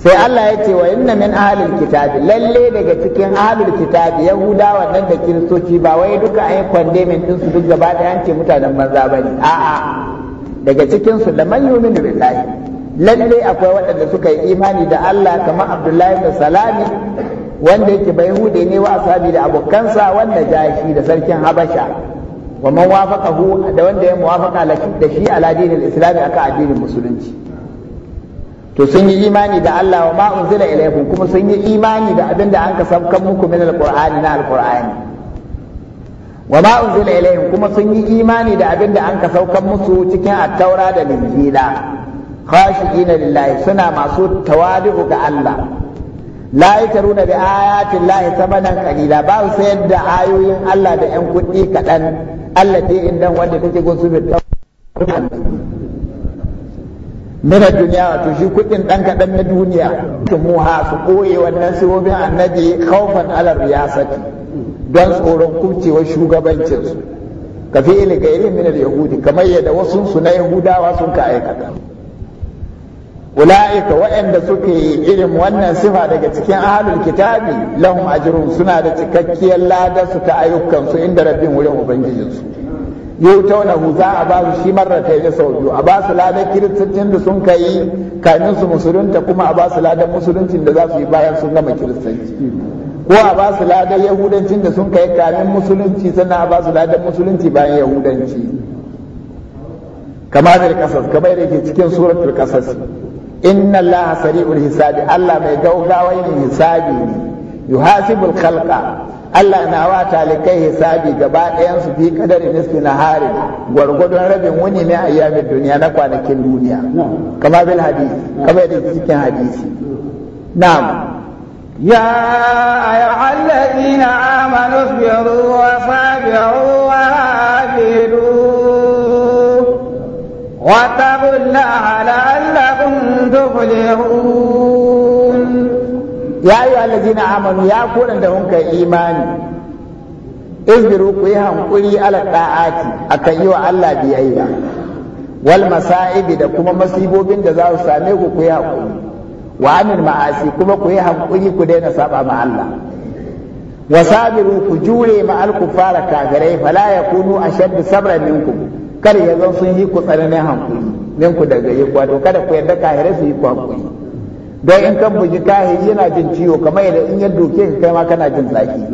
sai Allah ya ce wa inna min ahlil kitabi lalle daga cikin ahlil kitabi yahudawa nan da kiristoci ba wai duka kwande min din su duk gaba da yanke mutanen manza bane a'a daga cikin su da man yuminu billahi lalle akwai waɗanda suka yi imani da Allah kamar Abdullahi da Salami wanda yake bai hude ne wa asabi da abokansa wanda jashi da sarkin Habasha wa man wafaqahu da wanda ya muwafaqa da shi aladin dinil islami aka addinin musulunci to sun yi imani da Allah wa ma unzila ilaykum kuma sun yi imani da abin da ka sabkan muku min alqur'ani na alqur'ani wa ma unzila ilaykum kuma sun yi imani da abin da ka saukan musu cikin at-taura da injila khashiina lillahi suna masu tawadu ga Allah la yataruna bi ayati llahi thamanan qalila ba su sayar da ayoyin Allah da yan kuɗi kaɗan Allah dai indan wanda take gonsu bi tawadu mina duniya wato shi kuɗin ɗan kaɗan na duniya mu ha su ɓoye wannan sirobin annabi kaufan alar riyasati don tsoron kubcewar shugabancinsu ka fi ili ga irin minar yahudi kamar yadda wasu su na yahudawa sun ka aikata ula'ika waɗanda suke irin wannan sifa daga cikin ahalul kitabi lahum ajrun suna da cikakkiyar ladarsu ta ayyukansu inda rabbin wurin ubangijinsu yutawnahu za a ba su shi ta yi sau biyu a ba su ladan kiristancin da sun kai kamin su musulunta kuma a ba su ladan musuluncin da za su yi bayan sun gama kiristanci ko a ba su ladan yahudancin da sun kai kamin musulunci sannan a ba su ladan musulunci bayan yahudanci kama da kasas kamar ke cikin suratul kasas inna allaha sari'ul hisabi allah mai gaugawa yin hisabi ne yuhasibul khalqa Allah na wa talikai hisabi gaba ɗayan su fi kadari nisfi na hari gwargwadon rabin wuni ne a yamin duniya na kwanakin duniya kama bin hadisi kama yadda cikin hadisi na'am يا أيها الذين آمنوا اصبروا وصابروا وآبروا واتقوا الله لعلكم تفلحون ya yi na amanu ya koran da hunka imani izbiru ku yi hankuri ala a akan yi wa Allah biyayya wal masa'ibi da kuma masibobin da za su same ku ku yi hankuri wa anil ma'asi kuma ku yi hankuri ku daina saba ma Allah wa sabiru ku jure ma al kufara kafirai fala yakunu ashaddu sabran minkum kar ya zan sun yi ku tsananin hankuri ninku daga yi kwato kada ku yarda kahirai su yi ku don in kan buji kahi yana jin ciwo kamar yadda in ya doke kai ma kana jin zaki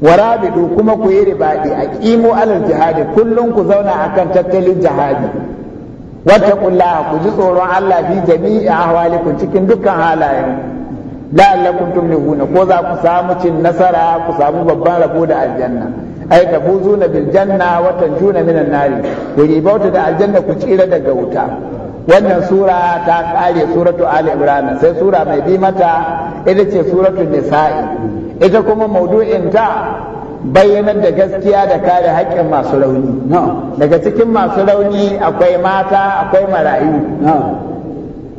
warabidu kuma ku yi ribadi a ƙimo alal jihadi kullun ku zauna akan tattalin jihadi wata kullaha ku ji tsoron Allah fi jami'i ahwalikum cikin dukkan halayen la'allakum tuflihuna ko za ku samu cin nasara ku samu babban rabo da aljanna ai na bil janna wa tanjuna minan nari ku ribauta da aljanna ku tsira daga wuta wannan sura ta kare suratu ali imran sai sura mai bi mata ita ce suratu nisa'i ita kuma maudu'in ta bayyanar da gaskiya da kare haƙƙin masu rauni daga cikin masu rauni akwai mata akwai marayu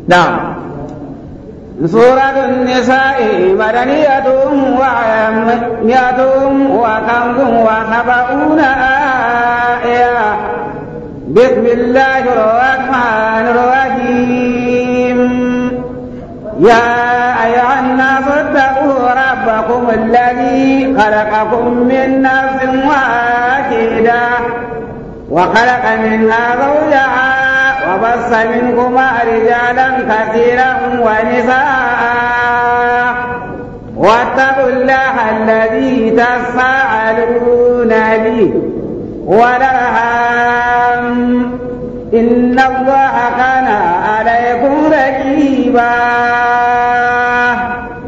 na سورة النساء وعيم وعامية وكم وسبعون آية بسم الله الرحمن الرحيم يا أيها الناس اتقوا ربكم الذي خلقكم من نفس واحدة وخلق منها زوجها وبص منكما رجالا كثيرا ونساء واتقوا الله الذي تساءلون به ودرهم إن الله كان عليكم رقيبا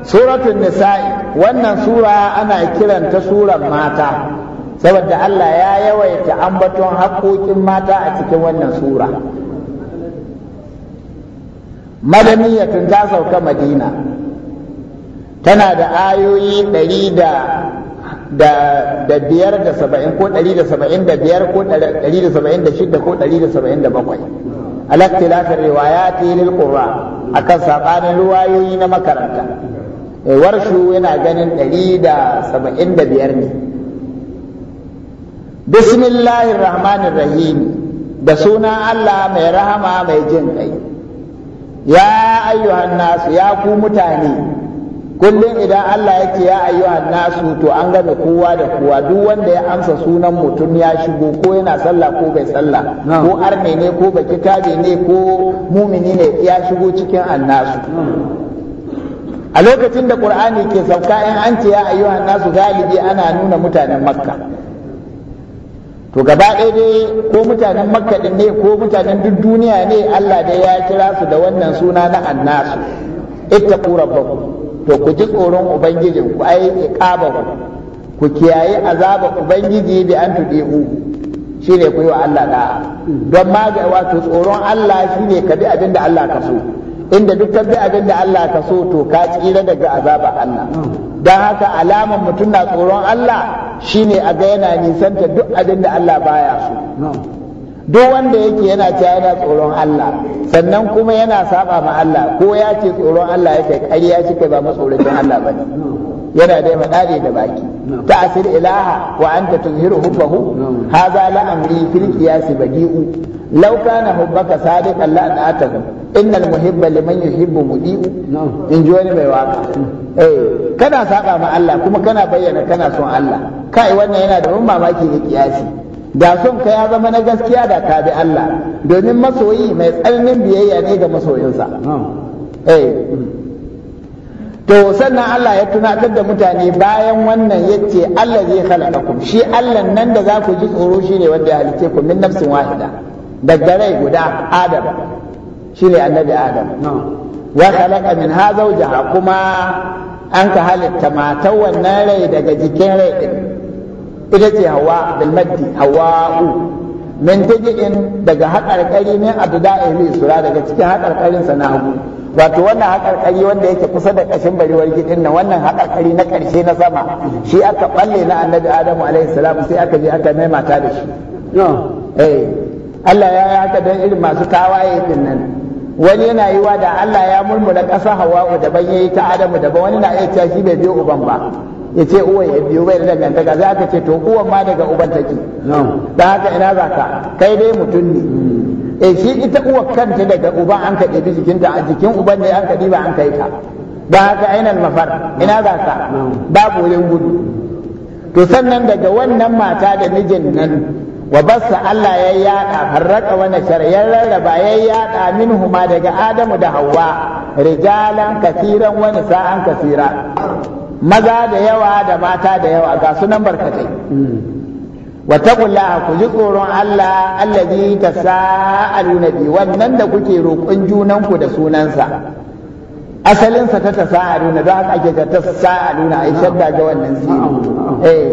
سورة النساء wannan sura ana kiranta surar mata saboda Allah ya yawaita ambaton haƙoƙin mata a cikin wannan sura tun ta sauka madina tana da ayoyi ɗari da da biyar da saba'in ko ɗari da saba'in da biyar ko ɗari da saba'in da shida, ko ɗari da saba'in da bakwai alaktilafin riwayati lil a kan saɓanin ruwayoyi na makaranta eh, warshu yana ganin ɗari da saba'in da biyar ne bismillahir rahmanir rahim da suna allah mai rahama mai jin kai ya ayyuhan nasu ya ku mutane kullum idan Allah ya ce ya nasu to an gama kowa da kowa duk wanda ya amsa sunan mutum ya shigo ko yana sallah ko bai sallah ko arne ne ko baki tabe ne ko mumini ne ya shigo cikin annasu a lokacin da qur'ani ke sauka in an ce ya ayyuhan nasu galibi ana nuna mutanen makka to gaba ɗaya dai ko mutanen makka ne ko mutanen duk duniya ne Allah dai ya kira su da wannan suna na annasu ittaqu rabbakum to ku ji tsoron ubangijin ku ai iqaba ku ku kiyaye azaba ubangiji bi an tudihu shine ku yi wa Allah da don ga wato tsoron Allah shine ka bi abin da Allah ka so inda duk ka bi abin da Allah ka so to ka tsira daga azaba Allah don haka alaman mutum na tsoron Allah shine a ga yana nisanta duk abin da Allah baya so duk wanda yake yana cewa yana tsoron Allah sannan kuma yana saba ma Allah ko ya ce tsoron Allah yake ƙarya shi ba matsoracin Allah bane yana dai madare da baki ta asir ilaha wa anta tuzhiru hubbahu hadha la amri fil qiyas badi'u law kana hubbaka sadiqan la anatahu innal muhibba liman yuhibbu mudi'u in ji wani mai waka eh kana saba ma Allah kuma kana bayyana kana son Allah kai wannan yana da mamaki ne kiyasi da son ka ya zama na gaskiya da ka bi Allah domin masoyi mai tsananin biyayya ne ga masoyinsa eh. to sannan Allah ya tunatar da mutane bayan wannan yace Allah zai khalaqakum shi Allah nan da za ku ji tsoro shi ne wanda ya halice ku min nafsin wahida daga rai guda Adam ne annabi Adam wa khalaqa min ha zawjaha kuma an ka halitta matan wannan rai daga jikin rai ita ce hawa bil maddi hawa'u min taji'in daga haƙarƙari min abda'i li sura daga cikin haƙarƙarin sa na hagu wato wannan haƙarƙari wanda yake kusa da ƙashin bariwar gidin nan wannan haƙarƙari na ƙarshe na sama shi aka balle na annabi adamu alaihi salam sai aka je aka mata da shi eh Allah ya yi haka don irin masu tawaye din nan wani yana yi wa da Allah ya murmura ƙasa hawa'u daban yayi ta adamu daban wani na iya cewa shi bai biyo uban ba ya ce uwan ya biyo bai da dangantaka za ka ce to uwan ma daga uban take da haka ina za ka kai dai mutum ne hmm. eh shi ita uwa kanta daga uban an kaɗe ta jikinta a jikin uban ne an kaɗi ba an kai ta da haka ainihin mafar ina za ka babu wurin gudu to sannan daga wannan mata da mijin nan wa bassa Allah ya yada farraka wa nashar ya rarraba ya yada minhuma daga Adamu da Hawwa rijalan kasiran wa nisa'an kasira maza da yawa da mata da yawa ga sunan barkatai wattaqullaha ku ji tsoron Allah allazi tasaaluna bi wannan da kuke roƙon junanku da sunansa asalin sa ta tasaaluna don haka ake ta tasaaluna ai shadda ga wannan sirri eh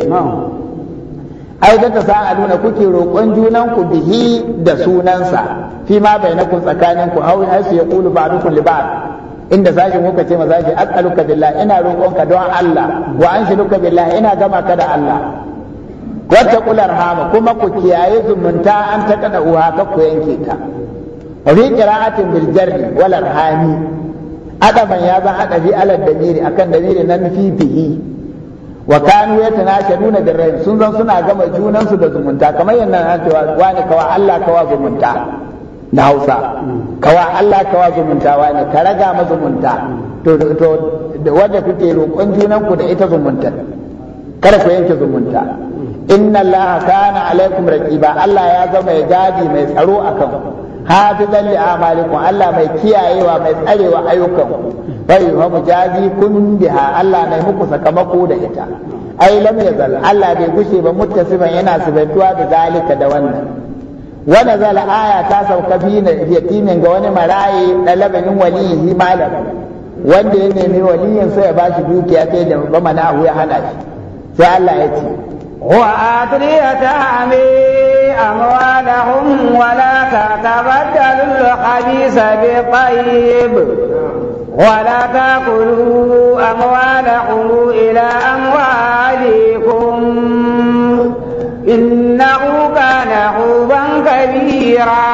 ai ta tasaaluna kuke roƙon junanku bihi da sunansa fi ma bainakum tsakaninku aw ya yaqulu ba'dukum li ba'd inda sashin kuka ce mazaji asaluka billahi ina roƙonka don Allah wa anshiluka billahi ina gama ka da Allah wata kular hama kuma ku kiyaye zumunta an ta kada uha ka ku yanke ta fi qira'atin bil jarri wal arhami Adaman ya zan adabi alal damiri akan damiri nan fi bihi wa kanu yatanashaduna bir rahim sun zan suna gama junan su da zumunta kamar yannan an cewa wani kawa Allah kawa zumunta na hausa kawa allah kawa zumuntawa ne ka raga mazumunta to wanda kuke roƙon ku da ita zumunta kada ku yanke zumunta inna allah kana alaikum raqiba allah ya zama ya gadi mai tsaro akan hafizan li amalikum allah mai kiyayewa mai tsarewa ayyukan bai wa mujazi kun biha allah mai muku sakamako da ita ai lam yazal allah bai gushe ba muttasiban yana sibatuwa da zalika da wannan wanda zala aya ta sauka fi na yatimin ga wani maraye ɗalabanin waliyi malam wanda ya nemi waliyin sai ya ba shi dukiya sai da ba na ya hana shi sai Allah ya ce wa atriyata ami amwalahum wala la tatabaddalu al-khabisa bi tayyib wala taqulu amwalahum ila amwalihim innahu kana huban kabira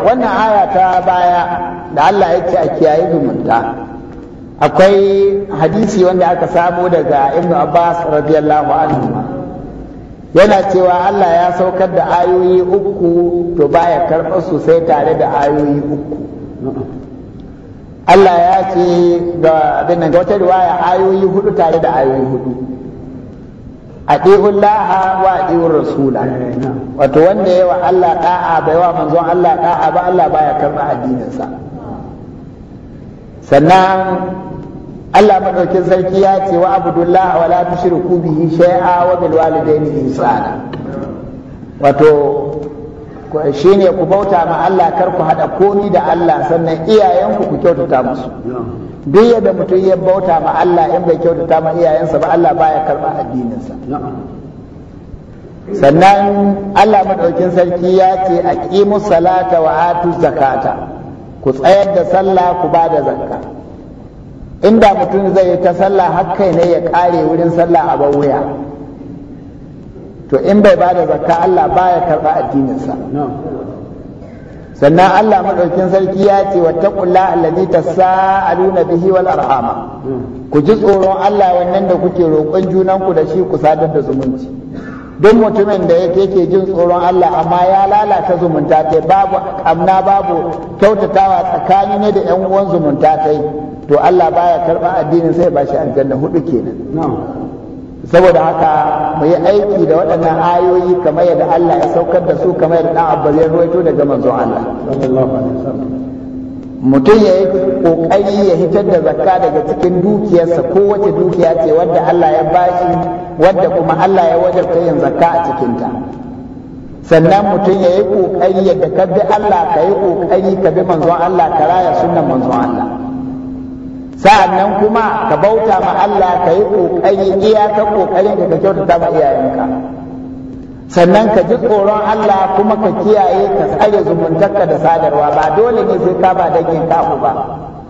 wannan aya ta baya da Allah ya ce a kiyaye zumunta akwai hadisi wanda aka samo daga Ibn Abbas radiyallahu anhu yana cewa Allah ya saukar da ayoyi uku to baya karɓar su sai tare da ayoyi uku Allah ya ce ga wata riwaya ayoyi hudu tare da ayoyi hudu atiullaha wa atiur rasula wato wanda yawa Allah da'a bai wa manzon Allah da'a ba Allah baya karba addinin sa sannan Allah madaukin sarki ya wa abdullahi wa la tushriku bihi shay'a wa bil walidayni ihsana wato shi ne ku bauta ma Allah kar ku haɗa komi da Allah sannan iyayenku ku kyautata musu duk yadda mutum ya bauta ma Allah in bai kyautata ma iyayensa ba Allah baya karɓa addininsa sannan Allah madaukin sarki ya ce a ƙimu salata wa atu zakata ku tsayar da sallah ku ba da zakka inda mutum zai yi ta sallah har kai ne ya ƙare wurin sallah a bawuya to in bai ba da zakka Allah baya karɓa addininsa sannan Allah madaukin sarki ya ce wa wattaqullaha allazi tasaaluna bihi wal arhama ku ji tsoron Allah wannan da kuke roƙon junan ku da shi ku sadar da zumunci duk mutumin da yake yake jin tsoron Allah amma ya lalata zumunta kai babu amna babu kyautatawa tsakani ne da yan uwan zumunta kai to Allah baya karba addinin sai ba shi aljanna hudu kenan saboda haka mu yi aiki da waɗannan ayoyi kamar yadda Allah ya saukar da su kamar yadda Abbas ya ruwaito daga manzo Allah mutum ya yi ƙoƙari ya hitar da zakka daga cikin dukiyarsa ko kowace dukiya ce wadda Allah ya bashi wadda kuma Allah ya wajabta yin zakka a cikinta sannan mutum ya yi ƙoƙari yadda ka bi Allah ka yi ƙoƙari ka bi manzon Allah ka raya sunan manzon Allah sa'annan kuma ka bauta ma Allah ka yi kokari iyakar kokarin ka kyautata ma iyayenka sannan ka ji tsoron Allah kuma ka kiyaye ka tsare zumuntarka da sadarwa ba dole ne sai ka ba dangin kaku ba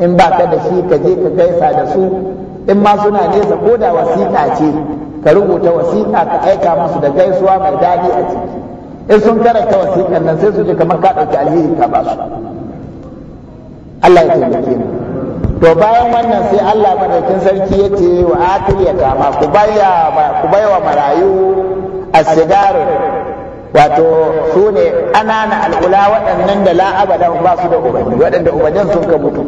in ba ka da shi ka je ka gaisa da su in ma suna nesa ko da wasiƙa ce ka rubuta wasiƙa ka aika musu da gaisuwa mai daɗi a ciki in sun karanta wasiƙan nan sai su ji kamar ka ɗauki alheri ka ba su Allah ya taimake mu to bayan wannan sai Allah madaukin sarki ya ce wa atil ya kama ku baya ku baiwa marayu asigar wato su ne anana al'ula waɗannan da la'abadan ba su da ubanni waɗanda ubannin sun ka mutu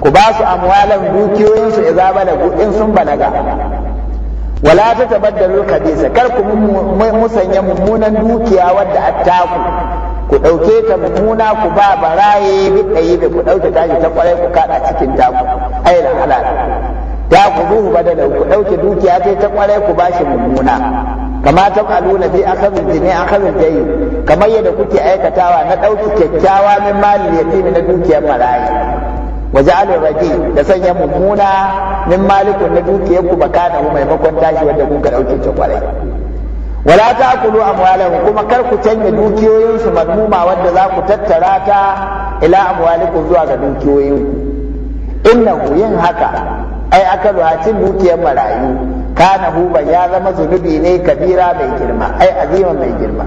ku ba su amwalan dukiyoyinsu idza balagu in sun balaga wala ta tabaddalu kabisa kar ku musanya mummunan dukiya wadda attaku ku ɗauke ta mummuna ku ba baraye biɗayi da ku ɗauke tashi ta kwarai ku kaɗa cikin taku da halal ta ku ruhu badala ku ɗauke dukiya ta ta kwarai ku ba shi mummuna kama ta aluna bi akhadhin jini akhadhin jayi kamar yadda kuke aikatawa na ɗauki kyakkyawa min mali malin fi na dukiyar baraye waje'alin rage da sanya mummuna min malikun na dukiyar ku bakana maimakon tashi wanda kuka ɗauke ta kwarai wala ta akulu amwalahu kuma kar ku canja dukiyoyinsu madmuma wadda za ku tattara ta ila amwaliku zuwa ga dukiyoyinku innahu yin haka ai akalu cin dukiyar marayu kana huban ya zama zunubi ne kabira mai girma ai azima mai girma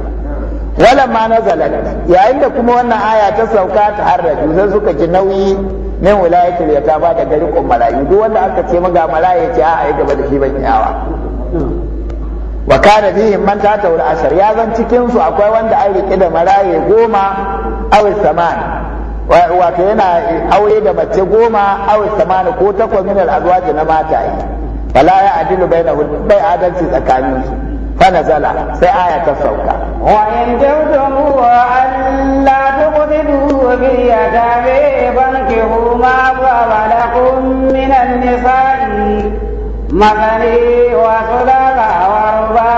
wala ma nazalat yayin da kuma wannan aya ta sauka ta harraju sai suka ji nauyi min wilayatul yatama daga rikon marayu duk wanda aka ce maga maraya ce a ai gaba da shi ban yawa wa kana bihim man ta tauri ashar ya zan cikin su akwai wanda an riƙe da maraye goma awi saman wato yana aure da mace goma awi saman ko takwas min al na yi fala ya adilu bainahu bai adalci tsakanin su fa nazala sai aya ta sauka wa in jawdamu wa an la tuqdidu bi yadabi bankihu ma wa lakum min masanin waso la ka waro ba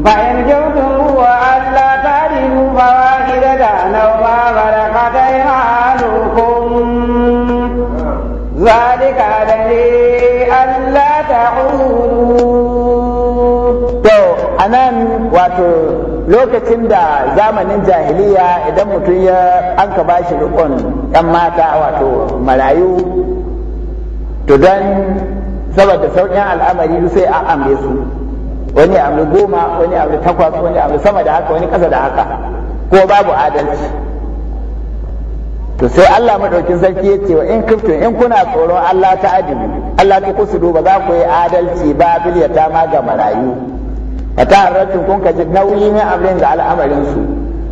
bayan jokuru wa allah sadin fa waƙila da nama fara fya ta halu komu sadin ka anan wato lokacin da zamanin jahiliya idan mutum ya an bashi dukkan ɗan mata wato malayu. to don saboda sauƙin al'amari sai a amle su wani amle goma wani amle takwas wani amle sama da haka wani ƙasa da haka ko babu adalci to sai Allah madaukin sarki ya ce wa in kuntu in kuna tsoron Allah ta adilu Allah ta su ba za ku yi adalci ba biliyata ma ga marayu a ta kun ka ji nauyi ne abin da al'amarin su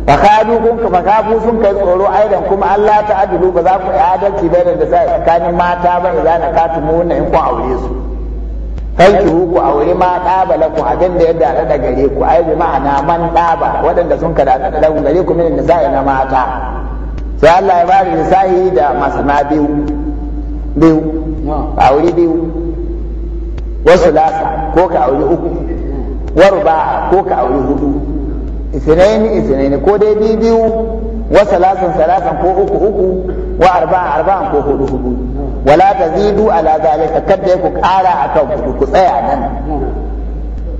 fakadu kun ka fakafu sun kai tsoro aidan kuma Allah ta adilu ba za ku yi adalci bai da sai tsakanin mata ba idan na katumu wannan in ku aure su kai ku aure ma la ku abin da ya dada da gare ku ai bi ma'ana man ɗaba waɗanda sun ka da da gare ku min nisa'i na mata sai Allah ya bari nisa'i da masana biyu biyu aure biyu wasu lasa ko ka aure uku warba ko ka aure hudu اثنين اثنين كو دي بي بيو وثلاثا ثلاثا كو اكو اكو واربعا اربعا كو هدو هدو ولا تزيدوا على ذلك kada ku ƙara akan kudu ku tsaya nan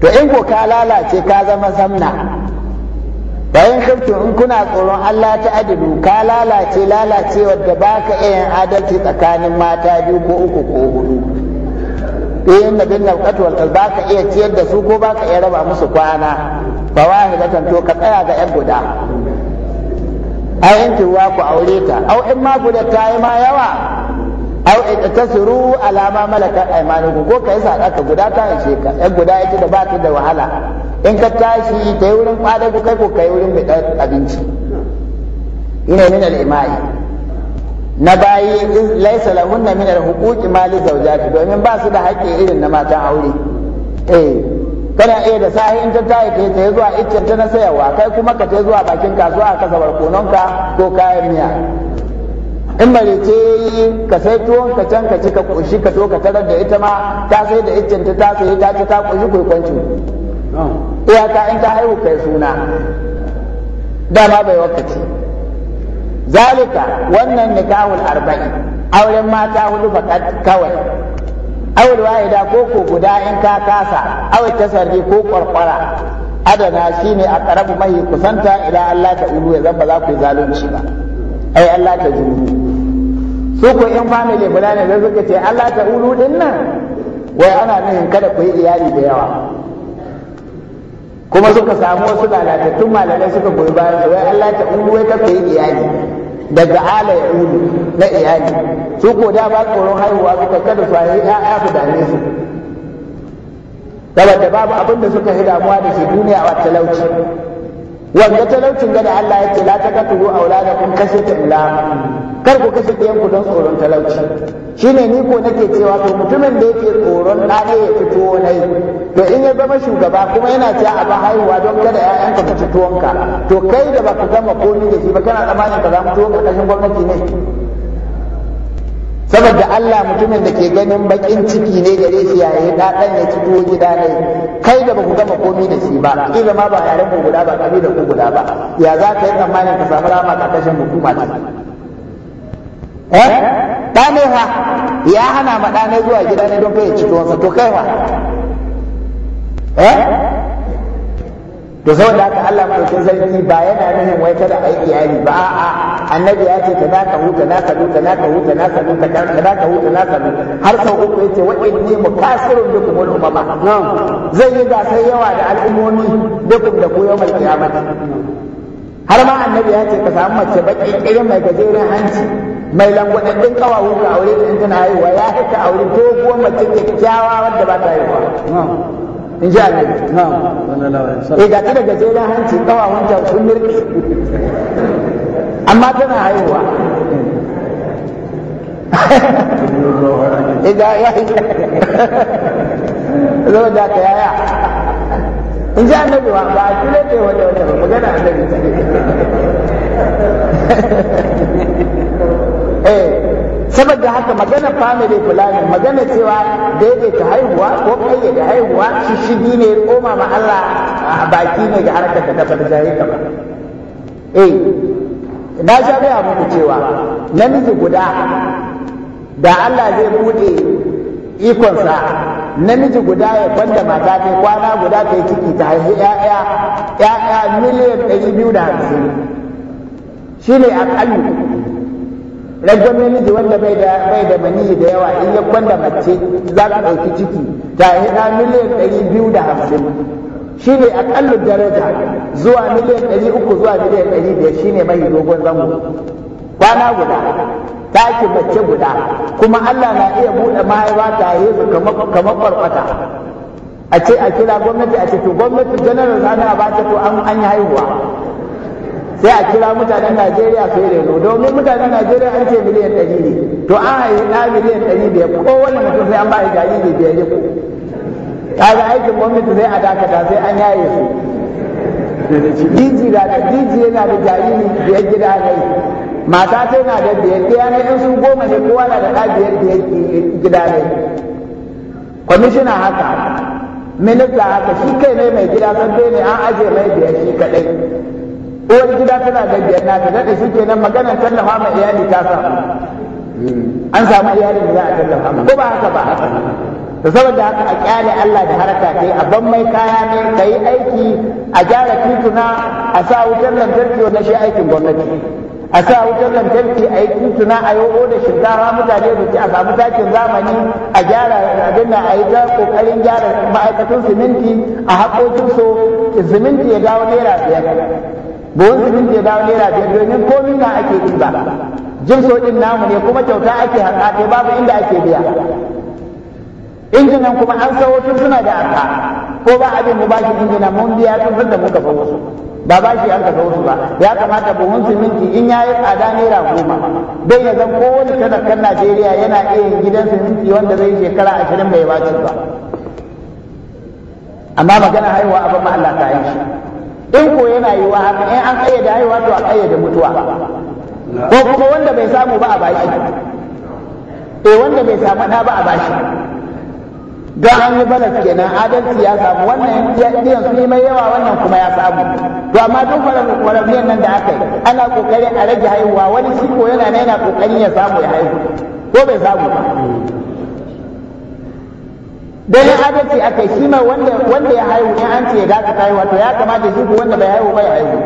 to in ko ka lalace ka zama samna bayan kafin in kuna tsoron Allah ta adilu ka lalace lalacewar da ka iya adalci tsakanin mata biyu ko uku ko hudu Eh, in na bin nafqat ba ka iya ciyar da su ko ba ka iya raba musu kwana ba wa ya wahidatan to ka tsaya ga yan guda a yanki wa ku aure ta au in ma guda ta yi ma yawa au ta suru alama malakar aymanukum ko ka guda ta yi ka yan guda ita da ba ta da wahala in ka tashi ta yi wurin ku kai ko ka yi wurin bidan abinci ina min al-imai na bayi laisa lahunna min al-huquqi mali zawjati domin ba su da haƙƙi irin na matan aure eh kana iya da sahi in ta tayi ta ta zuwa iccen ta na sayarwa kai kuma ka ta zuwa bakin kasuwa ka sabar kononka ko kayan miya in bare ce ka sai tuwon ka can ka ci ka kushi ka to ka tarar da ita ma ta sai da iccen ta ta sai ta ci ta kushi kurkwanci. Oh. iyaka in ta haihu kai suna dama bai wakati zalika wannan nikahul arba'in auren mata hudu fakat kawai awul wahida ko ko guda in ka kasa aw tasarri ko kwarkwara adana shine aqrabu mahi kusanta ila Allah ta ulu zan ba za ku zalunci ba ai Allah ta juru su ko in family fulani zai suka ce Allah ta ulu din nan wai ana nihin kada ku yi iyali da yawa kuma suka samu wasu lalatattun malamai suka goyi bayan su wai Allah ta ungu wai kaka yi iyali daga ala ya ulu na iyali su ko da ba tsoron haihuwa suka kada su ayi ya'ya su dame su saboda babu abin da suka yi damuwa da shi duniya a talauci wanda talaucin gada Allah ya ce la ta da auladakum khashyata illa kar ku kashe ɗayan ku don tsoron talauci shine ni ko nake cewa to mutumin da yake tsoron ɗaya ya fito nai to in ya zama shugaba kuma yana cewa a ba haihuwa don kada ‘ya’yanka ka ci tuwonka to kai da baka gama komi da shi ba kana tsammanin ka zama tuwon karkashin gwamnati ne saboda Allah mutumin da ke ganin bakin ciki ne gare shi yayi da dan ya ci tuwo gida ne kai da baku gama komi da shi ba kila ma ba yaren ku guda ba kabi da ku guda ba ya za ka yi tsammanin ka samu rama karkashin hukuma ce eh ɗane ya hana ma ɗane zuwa gida ne don kai ya ci tuwonsa to kai fa Eh? to saboda haka Allah zai sarki ba yana nufin wai kada a yi ba a'a annabi ya ce ka na ka huta na ka huta na ka huta na ka huta ka na ka huta na ka har sau uku yace ne mu kasirin duk wani umama zai yi gasar yawa da al'ummomi duk da ku mai kiyamata har ma annabi ya ce ka samu mace baki irin mai gajeren hanci mai langwadaddin kawawu ka aure da in tana haihuwa ya haka aure ko kuma mace kyakkyawa wadda ba ta haihuwa in ji annabi eh da kada ya hanci kawawanta sun mirki amma tana haihuwa idan eh, ya zo da ka yaya in ji annabi wa ba a tule ne wanda wanda magana annabi saboda haka magana family planning magana cewa daidaita haihuwa ko kayyade haihuwa shi shigi ne koma ma Allah a baki ne ga harkar da kafa da ba eh na sha gaya muku cewa namiji guda da Allah zai bude ikonsa namiji guda ya kwanda mata ne kwana guda ta yi ciki ta haihu ya'ya ya'ya miliyan ɗari biyu da hamsin shi ne ragon namiji wanda bai da bai da mani da yawa in ya kwanda mace za ka ɗauki ciki ta hida miliyan ɗari biyu da hamsin shi ne akallu daraja zuwa miliyan ɗari uku zuwa miliyan ɗari biyar shi ne dogon zango kwana guda ki mace guda kuma Allah na iya buɗe mahaifa ta su kamar kwarkwata a ce a kira gwamnati a ce to gwamnati general na ba ta to an yi haihuwa sai a kira mutanen najeriya sai reno domin mutanen najeriya an ce miliyan ɗari ne to an haifi na miliyan ɗari biyar kowane mutum sai an ba shi jariri biyar ne ga aikin gwamnati sai a dakata sai an yaye su jiji da jiji yana da jariri biyar gida ne mata ta yana da biyar ɗaya ne in su goma ne kowa na da ɗa biyar biyar gida ne kwamishina haka minista haka shi kai ne mai gida sabbe ne an aje mai biyar shi kaɗai ko gida tana da biyar na daɗe da suke nan maganar tallafa ma iyali ta samu an samu iyali da za a tallafa ma ko ba haka ba da saboda haka a kyale Allah da haraka kai a ban mai kaya ne ka aiki a gyara tituna a sa wutar lantarki wanda shi aikin gwamnati a sa wutar lantarki a yi tituna a yi da shinkafa mutane su ci a samu takin zamani a gyara abin da a yi ta kokarin gyara ma'aikatan siminti a haƙoƙin so siminti ya dawo naira biyar buhun siminti ya dawo naira biyar domin komi na ake ba jin soɗin namu ne kuma kyauta ake haƙa babu inda ake biya injinan kuma an sawo tun suna da arha ko ba abin mu bashi injina mun biya tun da muka fa wasu ba ba shi an kafa wasu ba ya kamata buhun siminti in ya yi tsada naira goma don ya zan kowane talakan najeriya yana iya yin gidan siminti wanda zai shekara ashirin bai baci ba amma magana haihuwa abin ma Allah ta shi in ko yana yi wa haka in an kayyade haihuwa to a kayyade mutuwa ko kuma wanda bai samu ba a bashi eh wanda bai samu ɗa ba a bashi don an yi balas kenan adalci ya samu wannan iya su mai yawa wannan kuma ya samu to amma duk kwararriyar nan da aka yi ana kokari a rage haihuwa wani shi ko yana yana kokarin ya samu ya haihu ko bai samu ba dan adalci ake shi ma wanda ya haihu in an ce ya dakata haihuwa wato ya kamata shi wanda bai haihu ba ya haihu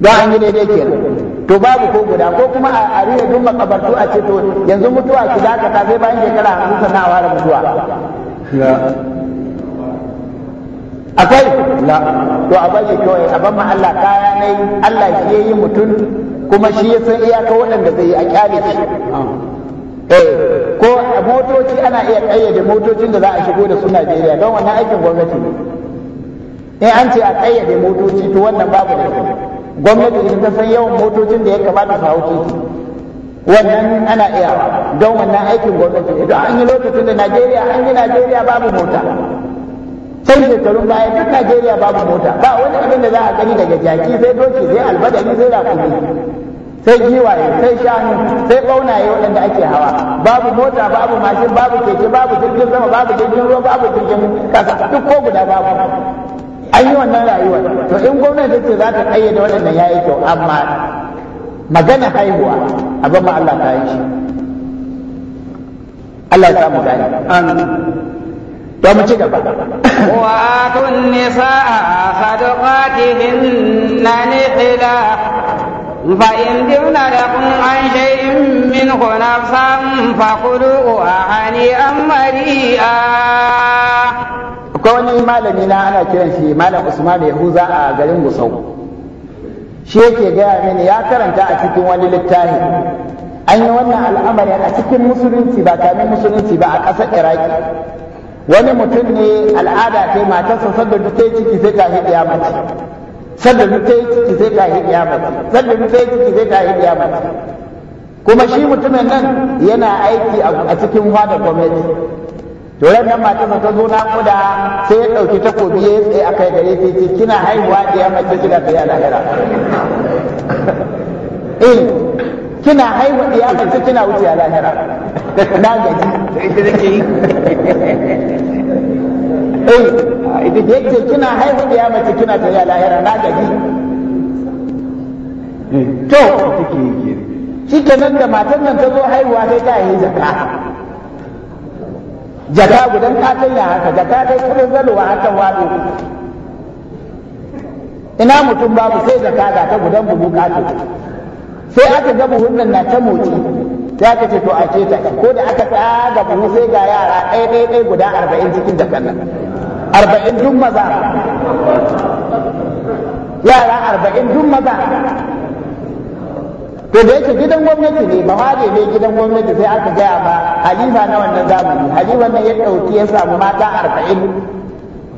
ba an yi daidai ke to babu ko guda ko kuma a rina duk makabartu a ce to yanzu mutuwa ki dakata sai bayan shekara hamsin sannan a ware mutuwa akwai la to a bari kawai a ban ma Allah kaya nai Allah shi yayi mutum kuma shi ya san iyaka waɗanda zai yi a kyale shi Eh, ko motoci ana iya kayyade motocin da za a shigo da su Najeriya don wannan aikin gwamnati ne in an ce a kayyade motoci to wannan babu da gwamnati in ta san yawan motocin da ya kamata su hau titi wannan ana iya don wannan aikin gwamnati ne don an yi lokacin da Najeriya an yi Najeriya babu mota sai shekarun baya duk Najeriya babu mota ba wani abin da za a gani daga jaki sai doki sai albadani sai rakumi sai giwaye sai shanu sai ɓaunaye waɗanda ake hawa babu mota babu mashin babu keke babu jirgin sama babu jirgin ruwa babu jirgin kasa duk ko guda babu an yi wannan rayuwa. to in gwamnati ta ce za ta ƙayyade waɗannan yayi kyau amma magana haihuwa abin ma Allah ta yi shi Allah ya samu gani amin mu ci gaba wa atun nisaa sadaqatihin nanila فإن دمن لكم عن شيء منه نفسا فكلوه هنيئا مريئا wani malami na ana kiran shi malam usman yahuza a garin gusau shi yake gaya mini ya karanta a cikin wani littafi an yi wannan al'amari a cikin musulunci ba kamin musulunci ba a ƙasar iraki wani mutum ne al'ada ce matarsa da ta ciki sai ta hidiya mace sanda duk ta yi ciki zai tashi kiyamata sanda duk ta yi ciki zai tashi kiyamata kuma shi mutumin nan yana aiki a cikin fadar gwamnati to ran nan matarsa ta zo kuda sai ya ɗauki takobi ya tsaye a kai gare ta ce kina haihuwa kiyamata kina tsaye yana lahira eh kina haihuwa kiyamata kina wuce a lahira na gaji eh yake kina haihu da ya mace kina ta yala lahira na gaji eh, to shi nan da matan nan ta zo haihuwa sai ta yi zaka jaka gudan katon ya haka jaka dai kudin zalowa haka wado ina mutum babu sai zaka da ta gudan bugu katon sai aka ga buhun na ta motsi sai ka ce to a ce ta ko da aka tsaga buhu sai ga yara ɗaya ɗaya guda arba'in cikin jakan nan arba'in duk maza yara arba'in duk maza to da yake gidan gwamnati ne ba bahari ne gidan gwamnati sai aka gaya ba halifa na wannan zamani halifa na ya ɗauki ya samu mata arba'in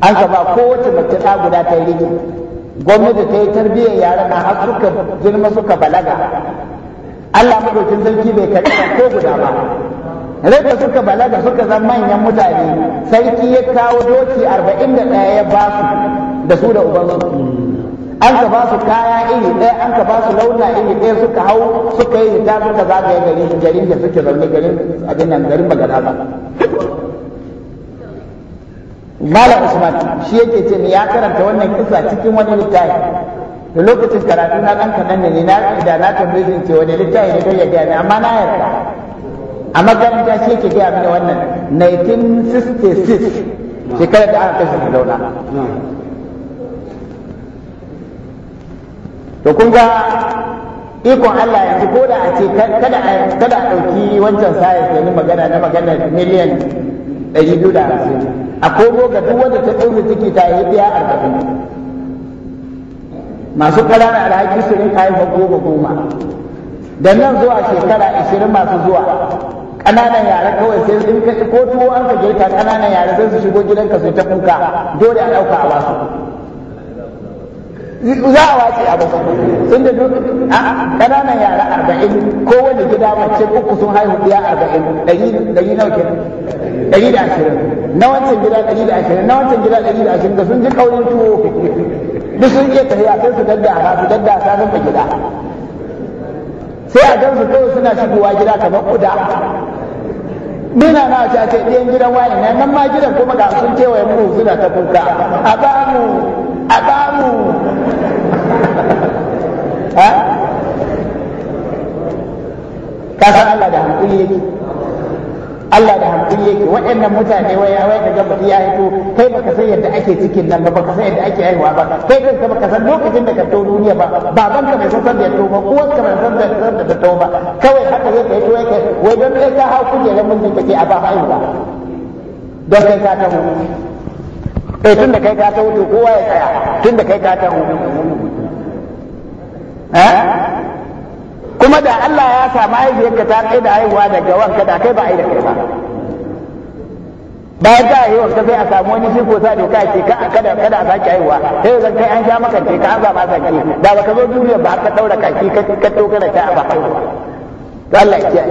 an ka ba kowace mace ta guda ta yi gwamnati ta yi tarbiyyar yara na har suka girma suka balaga Allah madaukin sarki bai karɓi ko guda ba rai suka balaga suka zama manyan mutane sarki ya kawo doki arba'in da ɗaya ya ba su da su da ubangiji an ka ba su kaya iri ɗaya an ka ba su launa iri ɗaya suka hau suka yi hita suka zagaye garin garin da suke zaune garin abin nan garin ba Malam Usman shi yake ce ni ya karanta wannan kisa cikin wani littafi da lokacin karatu na ɗan kaɗan ne na da na tambaye ce wani littafi ne don ya gane amma na yarda a makaranta shi yake gaya mana wannan 1966 shekarar da aka kashe dauna to kun ga ikon Allah yanzu ko da a ce kada a ɗauki wancan sayar ni magana na magana miliyan 250 a kogo ga duk wanda ta dauki ciki ta yi biya 40 masu ƙananan alhaki su rinka haifa goma goma da nan zuwa shekara 20 masu zuwa ƙananan yara kawai sai in ka ko tuwo an ka kananan ƙananan yara sai su shigo gidanka su ta kuka dole a ɗauka a basu za a wace a su inda duk a ƙananan yara arba'in kowane gida mace uku sun haihu ɗaya arba'in ɗari nawa ke ɗari da ashirin na wancan gida ɗari da ashirin na wancan gida ɗari da ashirin da sun ji kaurin tuwo duk sun iya tafiya sai su dadda su dadda sun gida sai a gansu kawai suna shigowa gida kamar kuda nuna na wace ce ɗayan gidan wani na nan ma gidan kuma ga sun kewaye mu suna ta kuka a ba a ba ka san Allah da hankali yake Allah da hankali yake waɗannan mutane waya wai ka ga ya haihu kai baka san yadda ake cikin nan ba baka san yadda ake haihuwa ba kai kanka baka san lokacin da ka to duniya ba baban ka bai san da ya to ba uwan ka bai san da da to ba kawai haka yake kai to yake wai don kai ka hau kujerar mun take a ba haihuwa don kai ka hudu eh tun da kai ka ta hudu kowa ya tsaya tun da kai ka hudu eh kuma da Allah ya sa mahaifiyarka ta kai da haihuwa da wanka da kai ba a yi da kai ba bayan ta haihuwa ta sai a samu wani shi ko sa doka ce kada kada a sake haihuwa sai zan kai an sha ce ka an ba ma sake da baka zo duniya ba ka daura kaki ka ka tokara ta ba haihuwa Allah ya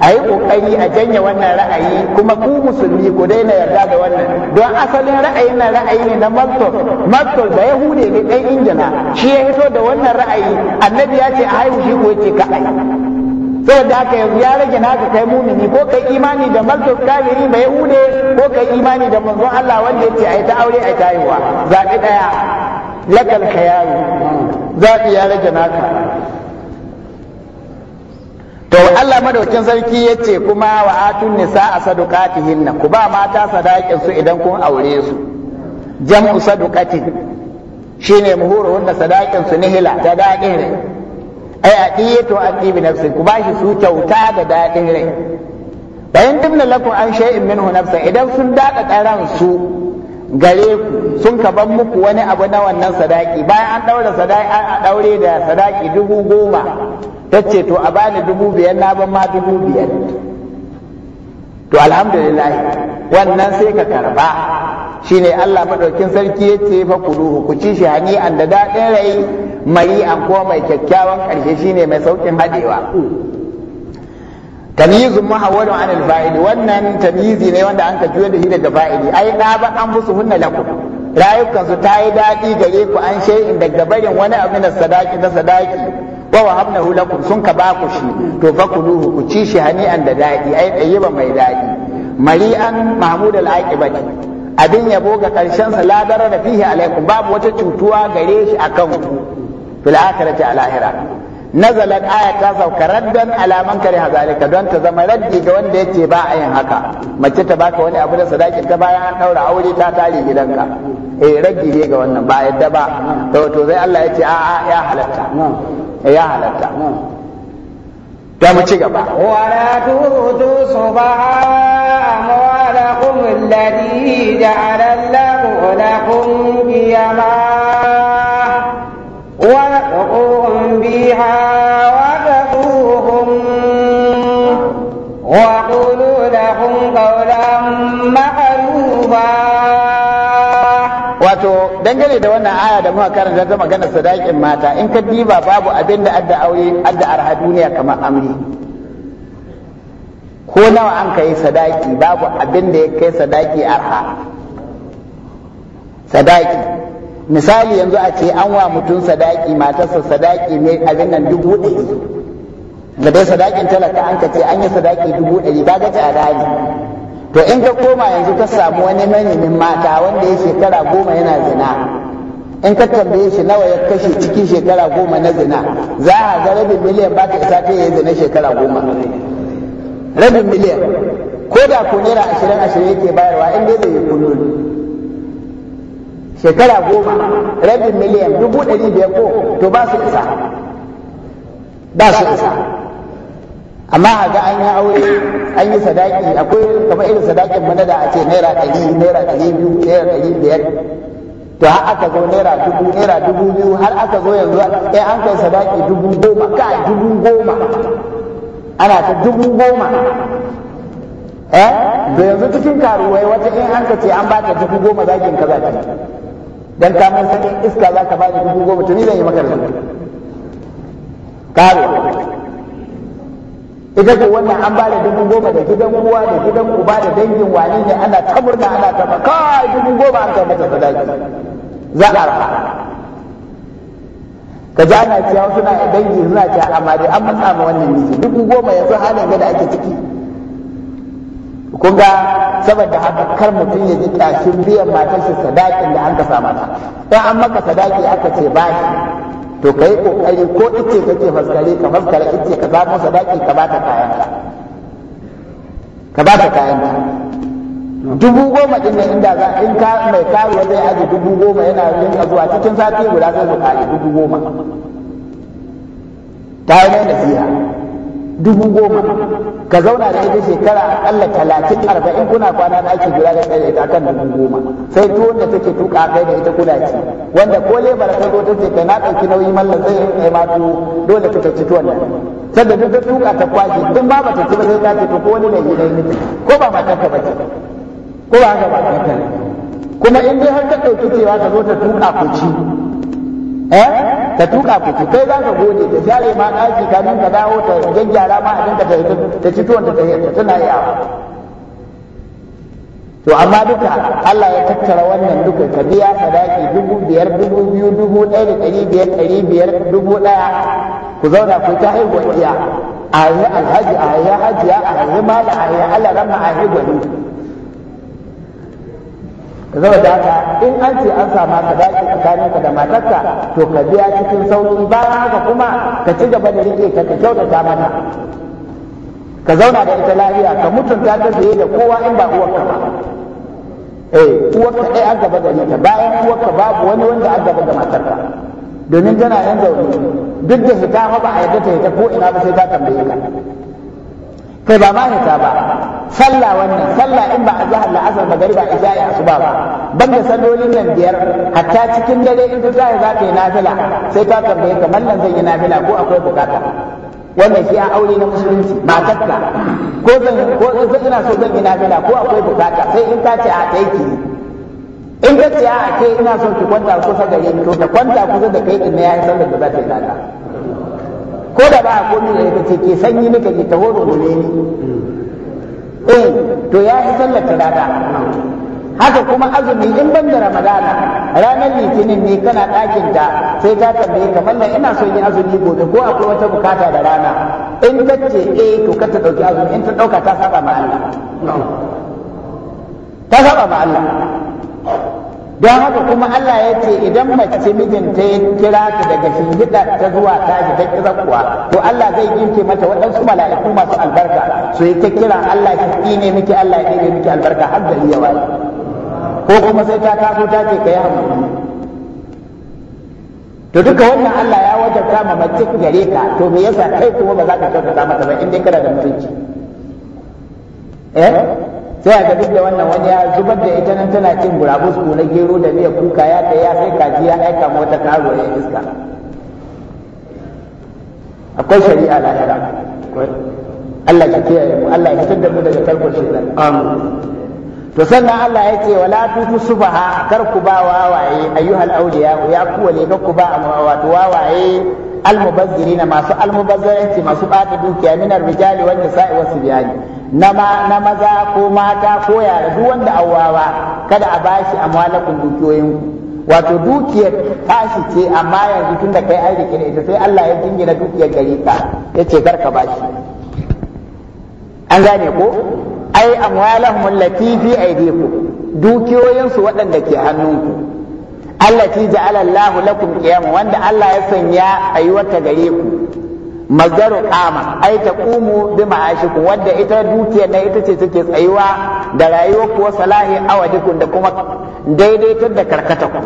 a yi kokari a janye wannan ra'ayi kuma ku musulmi ku daina yarda da wannan don asalin ra'ayin na ra'ayi ne na maktol maktol da yahude ne ɗan injina shi ya hito da wannan ra'ayi annabi ya ce a haihu shi ko ce ka da haka yanzu ya rage naka kai mumini ko kai imani da maktol kafiri mai yahude ko kai imani da manzon Allah wanda ya ce ta aure a ta haihuwa zaɓi ɗaya lakal kayaru zaɓi ya rage naka to Allah madaukin sarki ya ce kuma wa atun nisa a sadukatihin ku ba mata sadakin su idan kun aure su jam'u sadukatin shine muhuru wanda sadakin su nihila da daɗin rai ai a ɗiye to an ɗibi nafsin ku ba shi su kyauta da daɗin rai bayan dimna lakum an shay'in minhu nafsa idan sun daɗa ɗaran su gare ku sun kaban muku wani abu na wannan sadaki bayan an ɗaure sadaki an ɗaure da sadaki dubu goma ta ce to a bani dubu biyar na ban ma dubu biyar to alhamdulillah wannan sai ka karba Shi ne Allah madaukin sarki ya ce fa kuluhu ku ci shi an da daɗin rai mai an ko mai kyakkyawan ƙarshe shi ne mai sauƙin haɗewa. tamyizun muhawwalun an alfa'idi wannan tamizi ne wanda an ka juya da shi daga fa'ili ai da ba an busu hunna lakum rayukansu ta yi daɗi gare ku an shay'in daga barin wani abu na sadaki na sadaki wa wahabnahu lakum sun ka baku shi to fakuluhu ku ci shi hani'an da daɗi ai ɗayyiba mai daɗi an mahmud al-aqibati abin yabo ga karshen sa ladara da fihi alaikum babu wata cutuwa gare shi akan ku fil akhirati al akhirah nazalat aya ta sauka raddan alaman kare hazalika don ta zama raddi ga wanda yake ba a yin haka mace ta baka wani abu da sadakin ta bayan an daura aure ta tare gidanka eh raddi ne ga wannan ba yadda ba to to sai Allah ya ce a'a ya halatta Eh, ya halatta da mu ci gaba wala tutu subaha amwalakum alladhi ja'ala lakum biyama wato dangane da wannan aya da muka karanta ta magana sadakin mata in ka diba babu abin da adda aure adda arha duniya kamar amri ko nawa an kai sadaki babu abin da ya kai sadaki arha sadaki misali yanzu a ce an wa mutum sadaki matarsa sadaki ne abin nan dubu ɗari da dai sadakin talaka an ka ce an yi sadaki dubu ɗari ba ga ta to in ka koma yanzu ka samu wani manemin mata wanda ya shekara goma yana zina in ka tambaye shi nawa ya kashe cikin shekara goma na zina za a ga rabin miliyan ba ka isa ta yi zina shekara goma rabin miliyan ko da ku naira ashirin ashirin yake bayarwa in dai zai yi kullum shekara goma rabin miliyan dubu ɗari biyar ko to ba su isa ba su isa amma a ga an yi aure an yi sadaki akwai kamar irin sadakin mana da a ce naira ɗari naira ɗari biyu naira ɗari biyar to har aka zo naira dubu naira dubu biyu har aka zo yanzu ɗaya eh, an kai sadaki dubu goma ka dubu goma ana ta dubu goma eh to yanzu cikin karuwai wata in an ka ce an bata dubu goma zakin ka zaki dan ka mun sakin iska za ka bani dubu goma to ni zan yi maka da karo ita ko wannan an ba da dubu goma da gidan uwa da gidan uba da dangin wani ne ana ta murna ana ta maka dubu goma an kai mata sadaki za a ka ji ana cewa suna dangi suna cewa amma dai an matsa ma wannan miji dubu goma yanzu halin da ake ciki kun ga saboda haka kar mutum ya ji kashin biyan matar shi sadakin da an ka sa mata in an maka sadaki aka ce ba shi to kai kokari ko ice kake faskare ka faskara ice ka samu sadaki ka ba ta kayan ka ka ba ta kayan ka dubu goma din nan inda za in ka mai karuwa zai aje dubu goma yana yin zuwa cikin sati guda sai su kare dubu goma ta yi nasiha dubu goma ka zauna da ita shekara akalla talatin arba'in kuna kwana da ake gura da ita akan dubu goma sai tuwon da take tuka kai da ita kuna ci wanda ko lebar ta zo ce kai na ɗauki nauyi mallan zai yin kai ma dole ka ci tuwon nan sanda duk ta tuka ta kwaji duk ba ba ta ci ba sai ta ce to ko wani mai yi miji ko ba ma ta ba ce ko ba haka ba kuma in dai har ta ɗauki cewa ta zo ta tuka ku ci eh ka tuka ku kai za ka gode da share ma daki ka nan ka dawo ta gyaggyara ma abin ka ta ci tuwon ta ta tana yawa to amma duka Allah ya tattara wannan duka ka biya sadaki dubu biyar dubu biyu dubu ɗaya da ɗari biyar ɗari biyar dubu ɗaya ku zauna ku ta haihuwar iya a yi alhaji a yi hajiya a yi mala a yi alarama a yi gwani da haka in an ce an sama ka dace ka da matarka to ka biya cikin sauri bayan haka kuma ka ci gaba da rike ka kyautata mata ka zauna da ita lafiya ka mutunta ta fiye da kowa in ba uwarka ba eh uwarka ɗaya an gaba da ita bayan uwarka babu wani wanda an gaba da matarka domin tana yan duk da hita ba a yarda ta hita ko ina ba sai ta tambaye ka kai ba ma ta ba sallah wannan sallah in ba a zahar la'asar magariba isha'i asuba ba ban da sallolin nan biyar hatta cikin dare in ta zahar za ka yi nafila sai ta tambaye ka mallan zan yi nafila ko akwai bukata wannan shi a aure na musulunci matarka ko zan ko zan ina so zan yi nafila ko akwai bukata sai in ta ce a kai ki in ka ce a kai ina so ki kwanta kusa gare ni to ta kwanta kusa da kai din ne yi sallar da za ta yi nafila ko da ba a komi da ita ce ke sanyi nika ke taho da ne. ne eh to ya yi sallar talata haka kuma azumi in ban da ramadana ranar litinin ne kana ɗakin ta sai ta tambaye kamar mallan ina so yin azumi gobe ko akwai wata bukata da rana in ta ce eh to ka ta ɗauki azumi in ta ɗauka ta saba ma Allah ta saba ma Allah don haka kuma Allah ya ce idan mace mijinta ya kira ta daga shingida ta zuwa tashi ta kira kuwa to Allah zai yanke mata waɗansu mala'iku masu albarka su yi ta kira Allah shi ne miki Allah ya ne miki albarka har da iya wani ko kuma sai ta taso ta ce ka yi haƙuri to duka wannan Allah ya wajabta ma mace gare ka to me yasa kai kuma ba za ka kyautata mata ba in dai kana da mutunci eh sai a duk da wannan wani ya zubar da ita nan tana cin gurabus ko na gero da miya kuka ya kai ya sai kaji ya aika mu wata karo ya iska akwai shari'a lahira Allah ya kiyaye mu Allah ya fitar da mu daga tarkon shaitan amin to sannan Allah ya ce wala tutu subaha kar ku ba wawaye ayyuhal awliya ya ku wale ku ba wato wawaye almubazzirina masu almubazzaranci masu bata dukiya minar rijali wanda sai wasu biyani na na maza ko mata ko yara duk wanda awawa kada a bashi amwalakum dukiyoyin wato dukiyar tashi ce amma yanzu tun da kai aiki da ita sai Allah ya jingina dukiyar gari ka yace karka bashi an gane ko ai amwalahum allati fi aydikum dukiyoyin su waɗanda ke hannunku allati ja'ala Allah lakum qiyama wanda Allah ya sanya ayyuka gare ku mazaru qama ai taqumu bi ma'ashikum wanda ita dukiya na ita ce take tsayuwa da rayuwa ku salahi awadikum da kuma daidaitar da karkata ku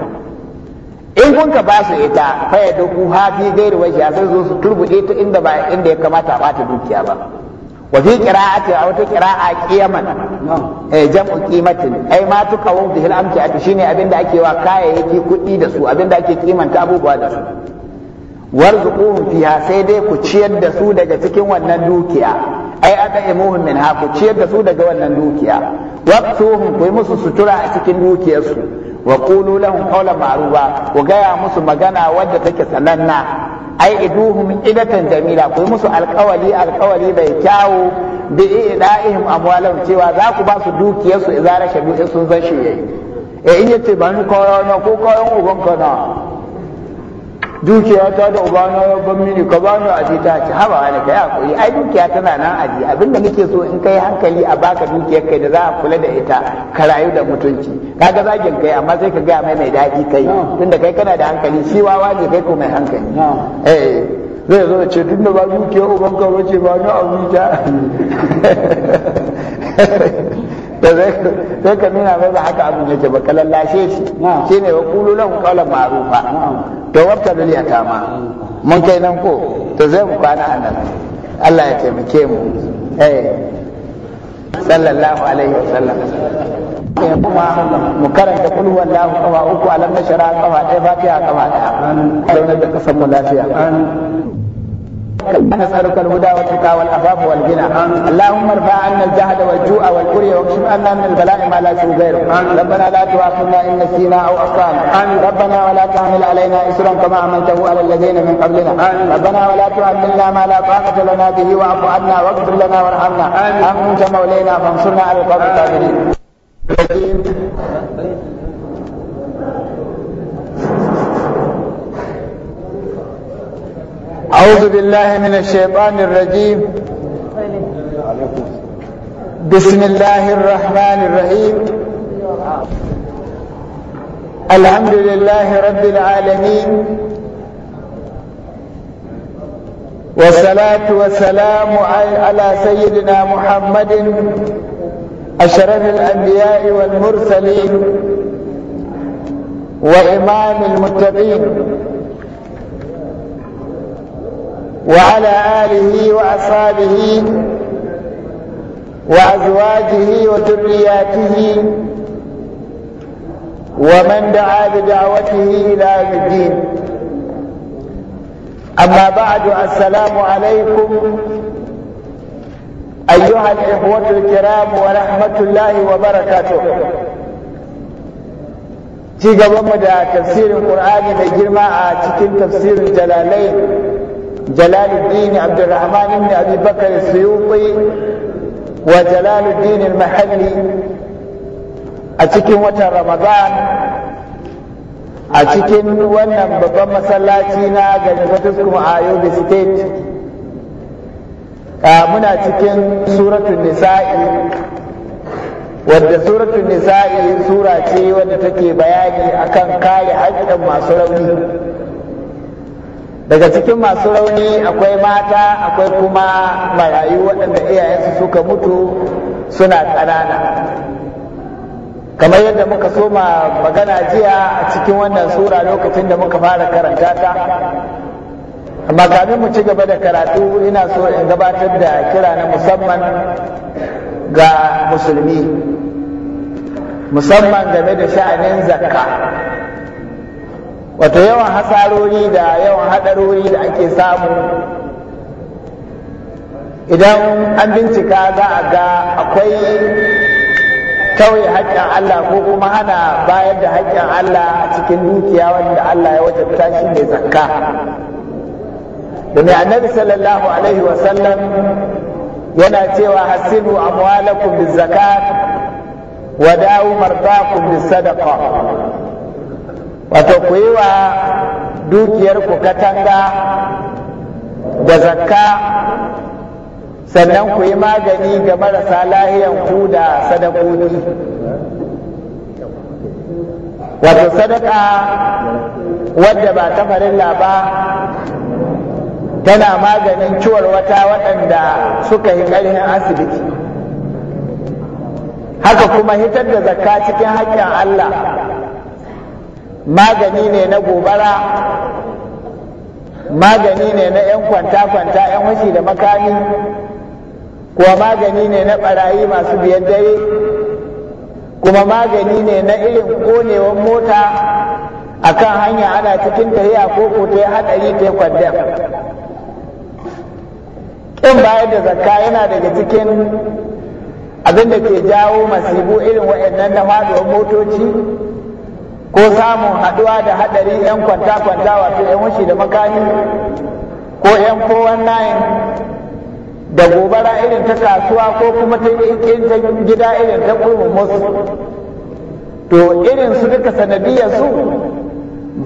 in kun ka ba su ita fa ya duku hafi gairu wajiya sai zo su turbude ta inda ba inda ya kamata a bata dukiya ba wa fi qira'ati aw ta qira'a qiyaman eh jam'u qimatin ai ma tuka wa bihi al-amti'atu shine abinda ake wa kayayyaki kuɗi da su abinda ake kimanta abubuwa da su warzuquhum fiha sai dai ku ciyar da su daga cikin wannan dukiya ai aka imuhum minha ku ciyar da su daga wannan dukiya waqtuhum ku yi musu sutura a cikin dukiyarsu wa qulu lahum qawlan ku gaya musu magana wadda take sananna ai iduhum idatan jamila ku musu alkawali alkawali bai kyawu bi ida'ihim amwalam cewa za ku ba su dukiyar su idza rashabu sun zan shi yayi eh in yace ba ko na ko ko dukiya ta da ubana ya ban mini ka bani a ji ta ci haba wani kai hakuri ai dukiya tana nan a ji abinda nake so in kai hankali a baka dukiyar kai da za a kula da ita ka rayu da mutunci kaga zagin kai amma sai ka gaya mai mai daɗi kai tunda kai kana da hankali shi wawa ne kai ko mai hankali eh zai zo ce tunda ba dukiyar uban ka bace ba na abuja sai ka nuna mai ba haka abin yake ba ka lallashe shi shine wa qulu lan ma'rufa to wabta ta ma mun kai nan ko to zai mu kwana a nan Allah ya taimake mu eh sallallahu alaihi wasallam ya kuma mu karanta kul wallahu kawa uku alam nashara kawa ɗaya fatiha kawa ɗaya launar da kasan mu lafiya نسألك الهدى والتقى والعفاف والغنى اللهم ارفع عنا الجهل والجوع والكري واكشف عنا من البلاء ما لا يسوء غيره ربنا لا تؤاخذنا إن نسينا أو أخطأنا ربنا ولا تحمل علينا إسرا كما عملته على الذين من قبلنا ربنا ولا تحملنا ما لا طاقة لنا به واعف عنا واغفر لنا وارحمنا أنت مولينا فانصرنا على القوم الكافرين أعوذ بالله من الشيطان الرجيم بسم الله الرحمن الرحيم الحمد لله رب العالمين والصلاة والسلام على سيدنا محمد أشرف الأنبياء والمرسلين وإمام المتقين وعلى آله وأصحابه وأزواجه وذرياته ومن دعا بدعوته إلى يوم الدين أما بعد السلام عليكم أيها الإخوة الكرام ورحمة الله وبركاته تيجا بمدى تفسير القرآن ƙur'ani mai آه، تفسير الجلالين جلال الدين عبد الرحمن بن أبي بكر السيوطي وجلال الدين المحلي أتكن وتر رمضان أتكن ونم بضم مسلاتينا جنفتكم أيوب ستيت muna cikin suratun nisa'i wadda suratun nisa'i sura ce wadda take bayani akan kare haƙƙin masu rauni daga cikin masu rauni akwai mata akwai kuma marayu waɗanda iyayensu suka mutu suna ƙanana kamar yadda muka soma magana jiya a cikin wannan sura lokacin da muka fara karanta ta amma kamin mu ci gaba da karatu ina so in gabatar da kira na musamman ga musulmi musamman game da sha'anin zakka wato yawan hasarori da yawan haɗarori da ake samu idan an bincika za a ga akwai kawai haƙƙin Allah ko kuma hana bayar da haƙƙin Allah a cikin dukiya wanda Allah ya wajabta shi ne zakka domin annabi sallallahu alaihi wasallam yana cewa hasinu amwalakum bizakat wa da'u mardakum bisadaqa wato ku yi wa dukiyarku katanga da zakka sannan ku yi magani ga marasa lahiyan ku da sadakoki wato sadaka wadda ba ta farilla ba tana maganin ciwon wata waɗanda suka yi ƙarfin asibiti haka kuma hitar da zakka cikin haƙƙin Allah magani ne na gobara magani ne na 'yan kwanta-kwanta 'yan washi da makami kuwa magani ne na barayi masu biyan dare kuma magani ne na irin konewar mota a kan hanya ana cikin tahiya ko ko ta haɗari ta kwandam ƙin bayar da zakka yana daga cikin abin da ke jawo masibu irin waɗannan na faɗuwar motoci ko samun haɗuwa da haɗari 'yan kwanta-kwanta wato 'yan wushi da makami ko 'yan nayin da gobara irin ta kasuwa ko kuma ta ta gida irin ta musu to irin su duka sanadiyar su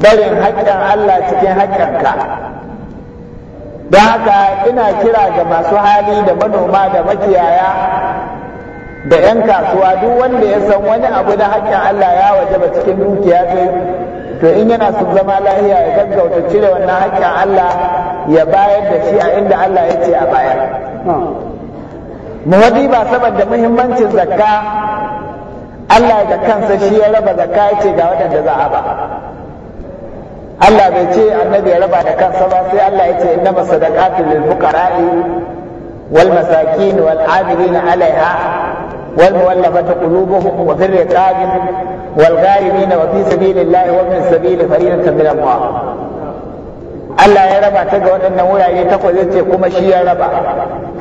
barin haƙƙin Allah cikin haƙƙinka don haka ina kira ga masu hali da manoma da makiyaya da 'yan kasuwa duk wanda ya san wani abu na haƙƙin Allah ya waje ba cikin dukiya ta to in yana sun zama lahiya ya gaggauta cire wannan haƙƙin Allah ya bayar da shi a inda Allah ya ce a bayar. Muwadi ba saboda muhimmancin zakka Allah da kansa shi ya raba zakka ya ce ga waɗanda za a ba. Allah bai ce annabi ya raba da kansa ba sai Allah ya ce innama sadaqatu lil fuqara'i wal masakin wal 'amilina alayha. والمؤلفة قلوبهم وفي الرقاب والغارمين وفي سبيل الله وابن السبيل فريضة من الله Allah ya raba ta ga waɗannan wurare takwas ce kuma shi ya raba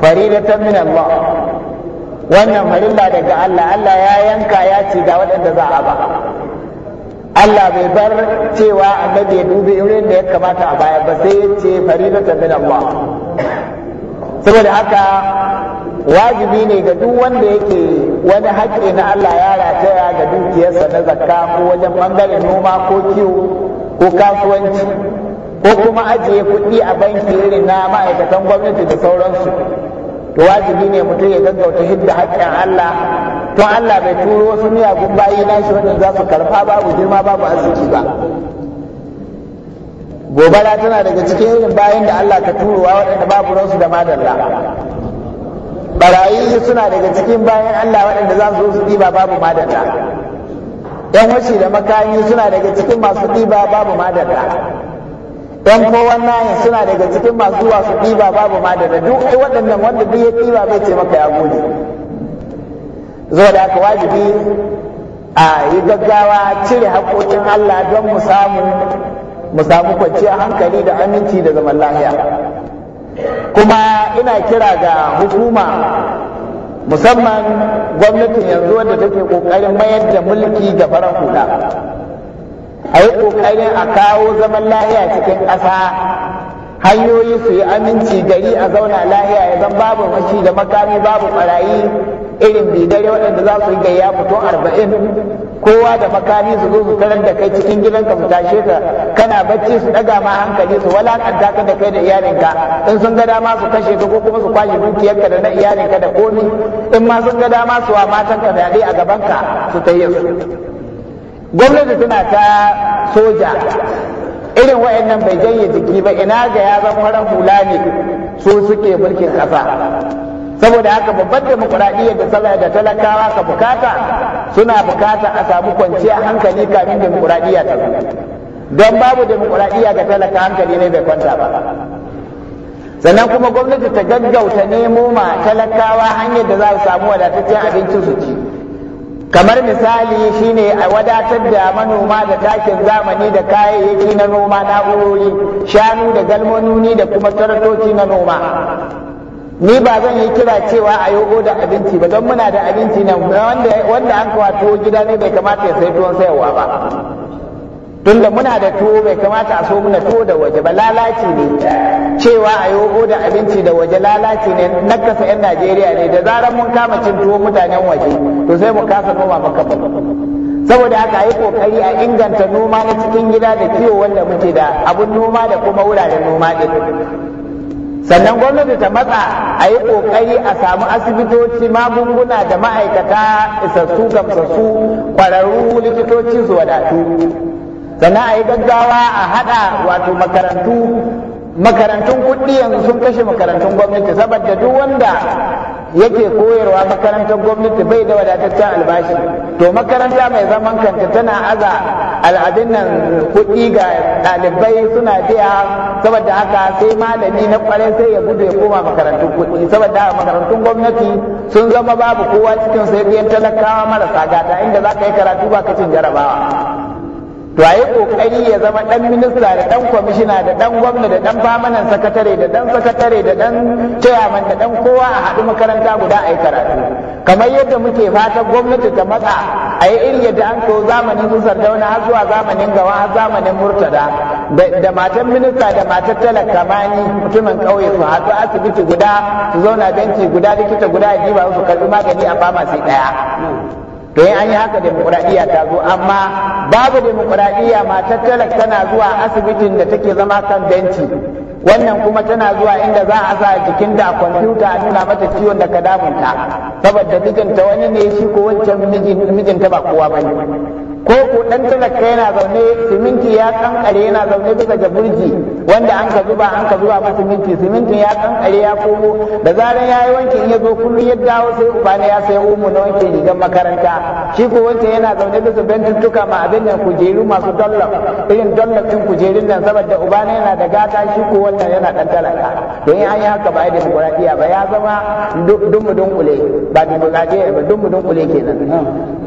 faridatan min Allah wannan farilla daga Allah Allah ya yanka ya ce ga waɗanda za a ba Allah bai bar cewa annabi ya dubi irin da ya kamata a baya ba sai ya ce faridatan min Allah saboda haka wajibi ne ga duk wanda yake wani haƙƙi na Allah ya rataya ga dukiyarsa na zakka ko wajen ɓangaren noma ko kiwo ko kasuwanci ko kuma ajiye kuɗi a banki irin na ma'aikatan gwamnati da sauransu to wajibi ne mutum ya gaggauta hidda haƙƙin Allah to Allah bai turo wasu miyagun bayi na shi wanda za su karfa babu girma babu arziki ba gobara tana daga cikin irin bayan da Allah ka turowa waɗanda babu ransu da madalla barayi suna daga cikin bayan Allah waɗanda za su zo su ɗiba babu madalla yan washi da makami suna daga cikin masu ɗiba babu madalla yan kowan nayin suna daga cikin masu zuwa su ɗiba babu madalla duk ai waɗannan wanda duk ya ɗiba bai ce maka ya gode Zuwa da aka wajibi a yi gaggawa cire haƙoƙin Allah don mu samu mu samu kwanciyar hankali da aminci da zaman lafiya kuma ina kira ga hukuma musamman gwamnatin yanzu wadda take kokarin mayar da mulki ga farar hula a yi kokarin a kawo zaman lahiya cikin ƙasa hanyoyi su yi aminci gari a zauna lahiya ya zan babu mashi da makami babu ɓarayi irin dare waɗanda za su yi gayya fito arba'in kowa da makami su zo su tarar da kai cikin gidanka su tashe ka kana bacci su ɗaga ma hankali su walakanta ka da kai da iyalinka in sun ga dama su kashe ka ko kuma su kwashe dukiyarka da na iyalinka da komi in ma sun ga dama su wa matanka fyaɗe a gabanka su tayye su gwamnati tana ta soja irin wayannan bai janye jiki ba ina ga ya zama farar hula ne su suke mulkin ƙasa saboda haka babbar demokuraɗiyya da sallah da talakawa ka bukata suna bukata a samu kwanciyar hankali kamin demokuraɗiyya ta don babu demokuraɗiyya ga talaka hankali ne bai kwanta ba sannan kuma gwamnati ta gaggauta nemo ma talakawa hanyar da za su samu wadataccen abincin su ci kamar misali shine a wadatar da manoma da takin zamani da kayayyaki na noma na'urori shanu da galmanoni da kuma taratoci na noma ni ba zan yi kira cewa a yi da abinci ba don muna da abinci na wanda an tuwo gida ne bai kamata ya sai tuwon sayarwa ba tunda muna da tuwo bai kamata a so muna tuwo da waje ba lalaci ne cewa a yi da abinci da waje lalaci ne na 'yan najeriya ne da zarar mun kama cin tuwo mutanen waje to sai mu kasa noma maka ba saboda haka yi kokari a inganta noma na cikin gida da kiwo wanda muke da abun noma da kuma wuraren noma din sannan gwamnati ta matsa a yi ƙoƙari a samu asibitoci magunguna da ma'aikata isassu gamsassu ƙwararru likitoci su wadatu sannan a yi gaggawa a haɗa wato makarantu makarantun kuɗi yanzu sun kashe makarantun gwamnati saboda duk wanda yake koyarwa makarantar gwamnati bai da wadataccen albashi to makaranta mai zaman kanta tana aza al'adun nan kuɗi ga ɗalibai suna biya saboda haka sai malami na kwarai sai ya gudu ya koma makarantun kuɗi saboda makarantun gwamnati sun zama babu kowa cikin sai biyan talakawa marasa gata inda za ka yi karatu ba ka cin jarabawa to a yi ƙoƙari ya zama ɗan minista da ɗan kwamishina da ɗan gwamna da dan famanan sakatare da ɗan sakatare da ɗan chairman da ɗan kowa a haɗu makaranta guda a yi karatu kamar yadda muke fatan gwamnati ta matsa a yi iri yadda an kawo zamanin su sardauna har zuwa zamanin gawa har zamanin murtada da matan minista da matan talaka mani mutumin ƙauye su haɗu asibiti guda su zauna benci guda likita guda ya diba su karɓi magani a fama sai ɗaya to in an yi haka demokuraɗiyya ta zo amma babu demokuraɗiyya matar talak tana zuwa asibitin da take zama kan benci wannan kuma tana zuwa inda za a sa jikin da kwamfuta a nuna mata ciwon da ka damunta saboda mijinta wani ne shi ko wancan mijinta ba kowa ba ne. ko ku dan talaka yana zaune siminti ya kankare yana zaune bisa ga burji wanda an ka zuba an ka zuba masa siminti siminti ya kankare ya komo da zaran yayi wanki ya zo kullum ya dawo sai uba ne ya sai umu na wankin rigar makaranta shi ko wancan yana zaune bisa bentuttuka ma abin nan kujeru masu dollar irin dollar din kujerun nan saboda uba ne yana da gata shi ko wannan yana dan talaka don an yi haka ba da demokuraɗiyya ba ya zama dumudun kule ba ba dumudun kule kenan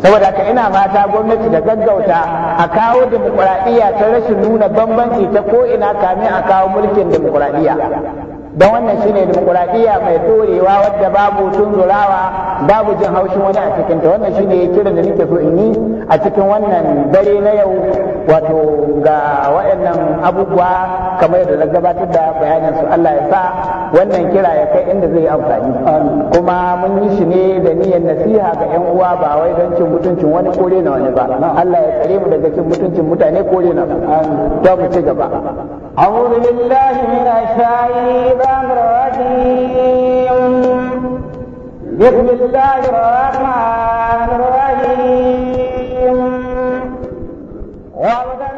saboda haka ina mata gwamnati da gaggauta a kawo demokuraɗiyya ta rashin nuna bambanci ta ko ina kamin a kawo mulkin demokuraɗiyya don wannan shine demokuraɗiyya mai ɗorewa wadda babu tunzurawa babu jin haushin wani a cikinta wannan shine kiran da nake so in yi a cikin wannan dare na yau wato ga waɗannan abubuwa kamar yadda na gabatar da bayanin su Allah ya sa wannan kira ya kai inda zai amfani kuma mun yi shi ne da niyyar nasiha ga yan uwa ba wai don cin mutuncin wani kore na wani ba Allah ya tsare mu daga cin mutuncin mutane kore na to mu ci gaba أعوذ بالله من الشيطان الرحمن الرحيم بسم الله الرحمن الرحيم